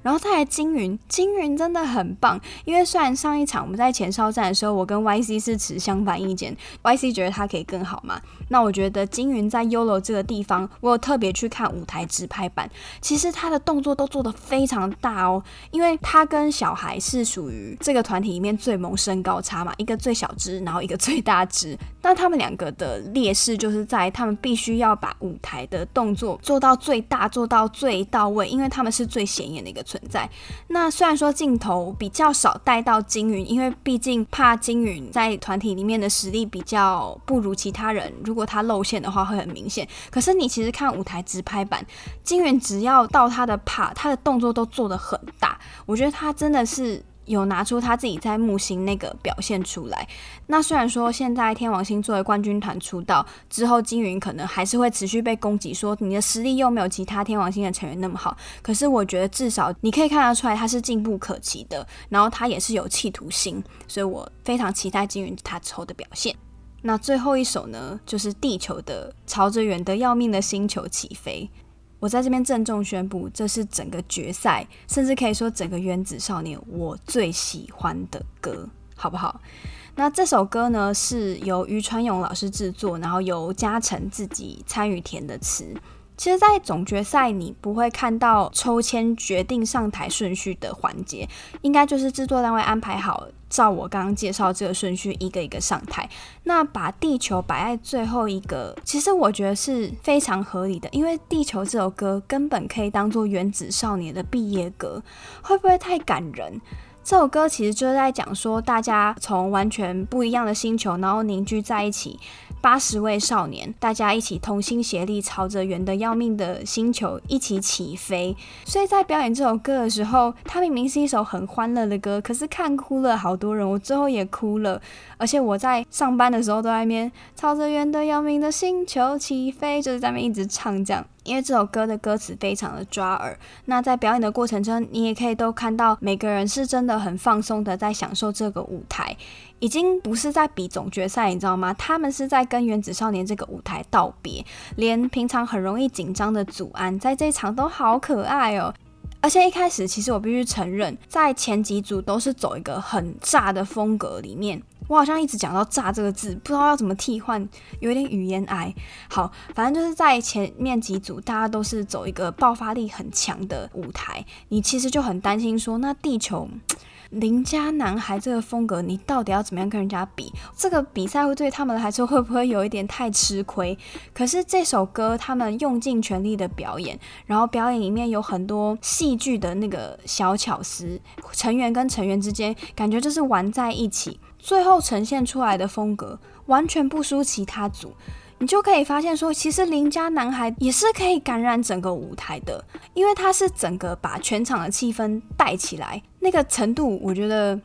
然後再來金云，金云真的很棒，因為雖然上一場我們在前哨戰的時候，我跟 YC 是持相反意見，YC 覺得他可以更好嘛，那我覺得金云在 YOLO 這個地方，我有特別去看舞台直拍版，其實他的動作都做得非常大哦，因為他跟小孩是屬於這個團體裡面最萌身高差嘛，一個最小隻，然後一個最大隻，那他們兩個，的劣勢就是在他們必須要把舞台的動作做到最大，做到最到位，因為他們是最顯眼的一個存在。那雖然說鏡頭比較少帶到金云，因為畢竟怕金云在團體裡面的實力比較不如其他人，如果他露餡的話會很明顯。可是你其實看舞台直拍版，金云只要到他的 part，他的動作都做得很大，我覺得他真的是。有拿出他自己在木星那個表現出來。那雖然說，現在天王星作為冠軍團出道之後，金雲可能還是會持續被攻擊，說你的實力又沒有其他天王星的成員那麼好。可是我覺得至少你可以看得出來他是進步可期的，然後他也是有企圖心。所以我非常期待金雲他之後的表現。那最後一首呢，就是《地球的朝着遠得要命的星球起飛》。我在這邊鄭重宣布，這是整個決賽，甚至可以說整個《原子少年》我最喜歡的歌，好不好？那這首歌呢，是由於川勇老師製作，然後由嘉誠自己參與填的詞。其實，在總決賽你不會看到抽籤決定上台順序的環節，應該就是制作單位安排好，照我剛剛介紹這個順序一個一個上台。那把《地球》擺在最後一個，其實我覺得是非常合理的，因為《地球》這首歌根本可以當做原子少年的畢業歌，會不會太感人？這首歌其實就是在講說，大家從完全不一樣的星球，然後凝聚在一起。八十位少年，大家一起同心協力，朝着遠得要命的星球一起起飛。所以在表演這首歌的時候，它明明是一首很歡樂的歌，可是看哭了好多人，我最後也哭了。而且我在上班的時候都在那邊朝着遠得要命的星球起飛，就是在那邊一直唱這樣，因為這首歌的歌詞非常的抓耳。那在表演的過程中，你也可以都看到每個人是真的很放鬆的在享受這個舞台。已經不是在比總決賽，你知道嗎？他們是在跟原子少年這個舞台道別。連平常很容易緊張的祖安，在這一場都好可愛哦。而且一開始，其實我必須承認，在前幾組都是走一個很炸的風格裡面，我好像一直講到“炸”這個字，不知道要怎麼替換，有點語言癌。好，反正就是在前面幾組，大家都是走一個爆發力很強的舞台。你其實就很擔心說，那地球，鄰家男孩這個風格，你到底要怎麼樣跟人家比？這個比賽會對他們來說會不會有一點太吃虧？可是這首歌他們用盡全力的表演，然後表演裡面有很多戲劇的那個小巧思，成員跟成員之間感覺就是玩在一起，最後呈現出來的風格完全不輸其他組。你就可以發現說，說其實鄰家男孩也是可以感染整個舞台的，因為他是整個把全場的氣氛帶起來，那個程度我覺得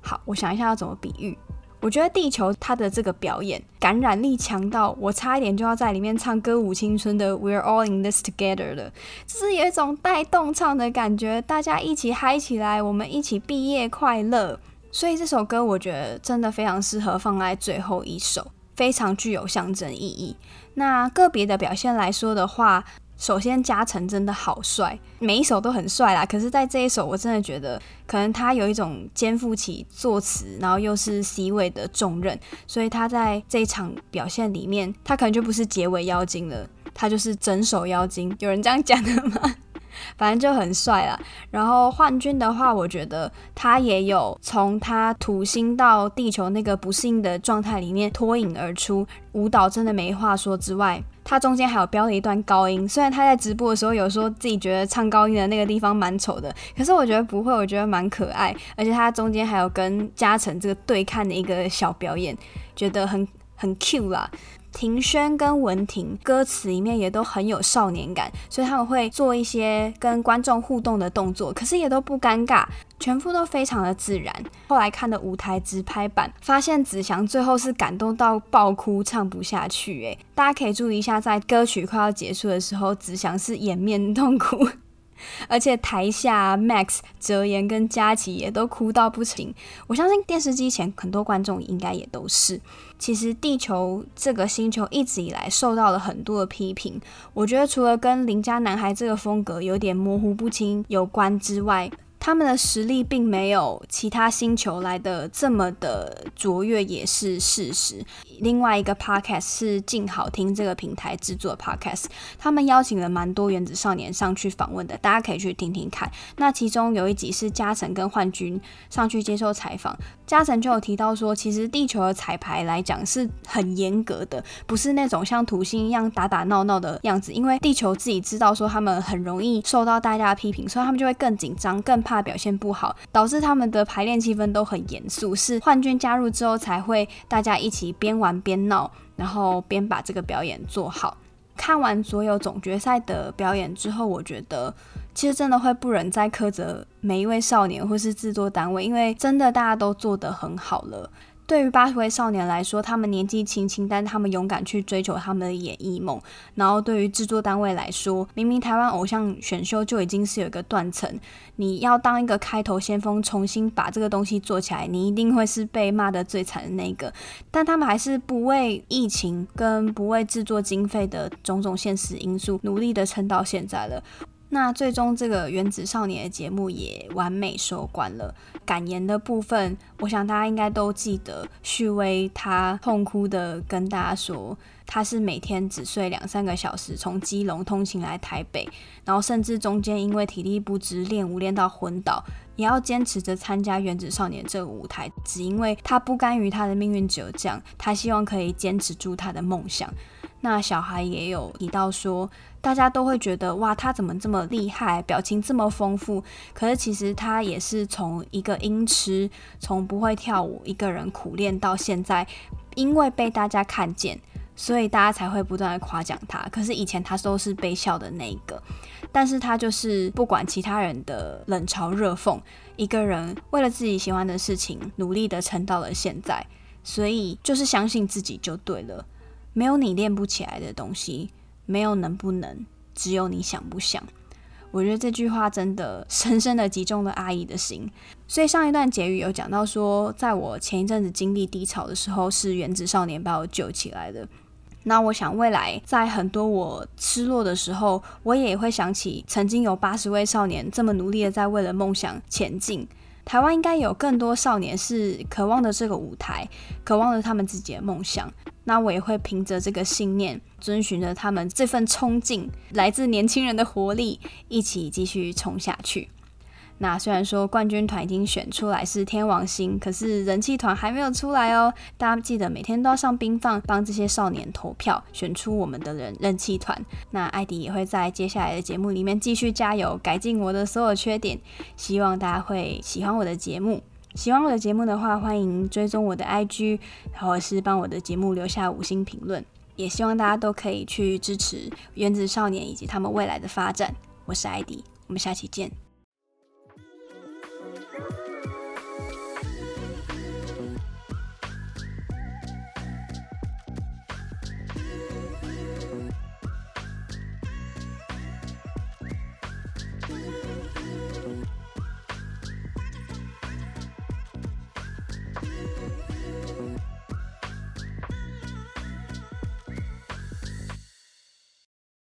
好。我想一下要怎麼比喻，我覺得地球他的這個表演感染力強到我差一點就要在裡面唱歌舞青春的 We're All In This Together 了，就是有一種帶動唱的感覺，大家一起嗨起來，我們一起畢業快樂。所以這首歌我覺得真的非常適合放在最後一首。非常具有象徵意義。那個別的表現來說的話，首先嘉誠真的好帥，每一首都很帥啦。可是，在這一首，我真的覺得可能他有一種肩負起作詞，然後又是 C 位的重任，所以他在這一場表現裡面，他可能就不是結尾妖精了，他就是整首妖精。有人這樣講的嗎？反正就很帥啦。然後幻君的話，我覺得他也有從他土星到地球那個不適應的狀態裡面脫穎而出，舞蹈真的沒話說。之外，他中間還有飆了一段高音，雖然他在直播的時候有說自己覺得唱高音的那個地方蠻醜的，可是我覺得不會，我覺得蠻可愛。而且他中間還有跟嘉誠這個對看的一個小表演，覺得很很 cute 庭軒跟文婷歌詞裡面也都很有少年感，所以他們會做一些跟觀眾互動的動作，可是也都不尷尬，全部都非常的自然。後來看的舞台直拍版，發現子祥最後是感動到爆哭，唱不下去欸，大家可以注意一下，在歌曲快要結束的時候，子祥是掩面痛哭。而且台下 Max、哲言跟佳琪也都哭到不行，我相信電視機前很多觀眾應該也都是。其實地球這個星球一直以來受到了很多的批評，我覺得除了跟《鄰家男孩》這個風格有點模糊不清有關之外，他們的實力並沒有其他星球來的這麼的卓越，也是事實。另外一個 podcast 是靜好聽這個平台製作的 podcast，他們邀請了蠻多原子少年上去訪問的，大家可以去聽聽看。那其中有一集是嘉誠跟幻君上去接受採訪，嘉誠就有提到說，其實地球的彩排來講是很嚴格的，不是那種像土星一樣打打鬧鬧的樣子，因為地球自己知道說他們很容易受到大家的批評，所以他們就會更緊張，更怕。他表現不好，導致他們的排練氣氛都很嚴肅。是幻軍加入之後，才會大家一起邊玩邊鬧，然後邊把這個表演做好。看完所有總決賽的表演之後，我覺得其實真的會不忍再苛責每一位少年或是制作單位，因為真的大家都做得很好了。對於八十位少年來說，他們年紀輕輕，但他們勇敢去追求他們的演藝夢。然後對於製作單位來說，明明台灣偶像選秀就已經是有一個斷層，你要當一個開頭先鋒，重新把這個東西做起來，你一定會是被罵得最慘的那個。但他們還是不畏疫情跟不畏製作經費的種種現實因素，努力的撐到現在了。那最終這個《原子少年》的節目也完美收官了。感言的部分，我想大家應該都記得，旭威他痛哭的跟大家說，他是每天只睡兩三個小時，從基隆通勤來台北，然後甚至中間因為體力不支練舞練到昏倒，也要堅持着參加《原子少年》這個舞台，只因為他不甘於他的命運只有這樣，他希望可以堅持住他的夢想。那小孩也有提到說，大家都會覺得哇，他怎麼這麼厲害，表情這麼豐富？可是其實他也是從一個音痴，從不會跳舞一個人苦練到現在，因為被大家看見，所以大家才會不斷的誇獎他。可是以前他都是被笑的那一個，但是他就是不管其他人的冷嘲熱諷，一個人為了自己喜歡的事情努力的撐到了現在，所以就是相信自己就對了。沒有你練不起來的東西，沒有能不能，只有你想不想。我覺得這句話真的深深的擊中了艾迪的心。所以上一段結語有講到說，在我前一陣子經歷低潮的時候，是原子少年把我救起來的。那我想未來在很多我失落的時候，我也會想起曾經有八十位少年這麼努力的在為了夢想前進。台灣應該有更多少年是渴望着這個舞台，渴望着他們自己的夢想。那我也會憑着這個信念，遵循着他們這份衝勁，來自年輕人的活力，一起繼續衝下去。那雖然說冠軍團已經選出來是天王星，可是人氣團還沒有出來哦。大家記得每天都要上 Beanfun 幫這些少年投票，選出我們的人，人氣團。那艾迪也會在接下來的節目裡面繼續加油，改進我的所有缺點。希望大家會喜歡我的節目，喜歡我的節目的話，歡迎追蹤我的 IG，或者是幫我的節目留下五星評論。也希望大家都可以去支持原子少年以及他們未來的發展。我是艾迪，我們下期見。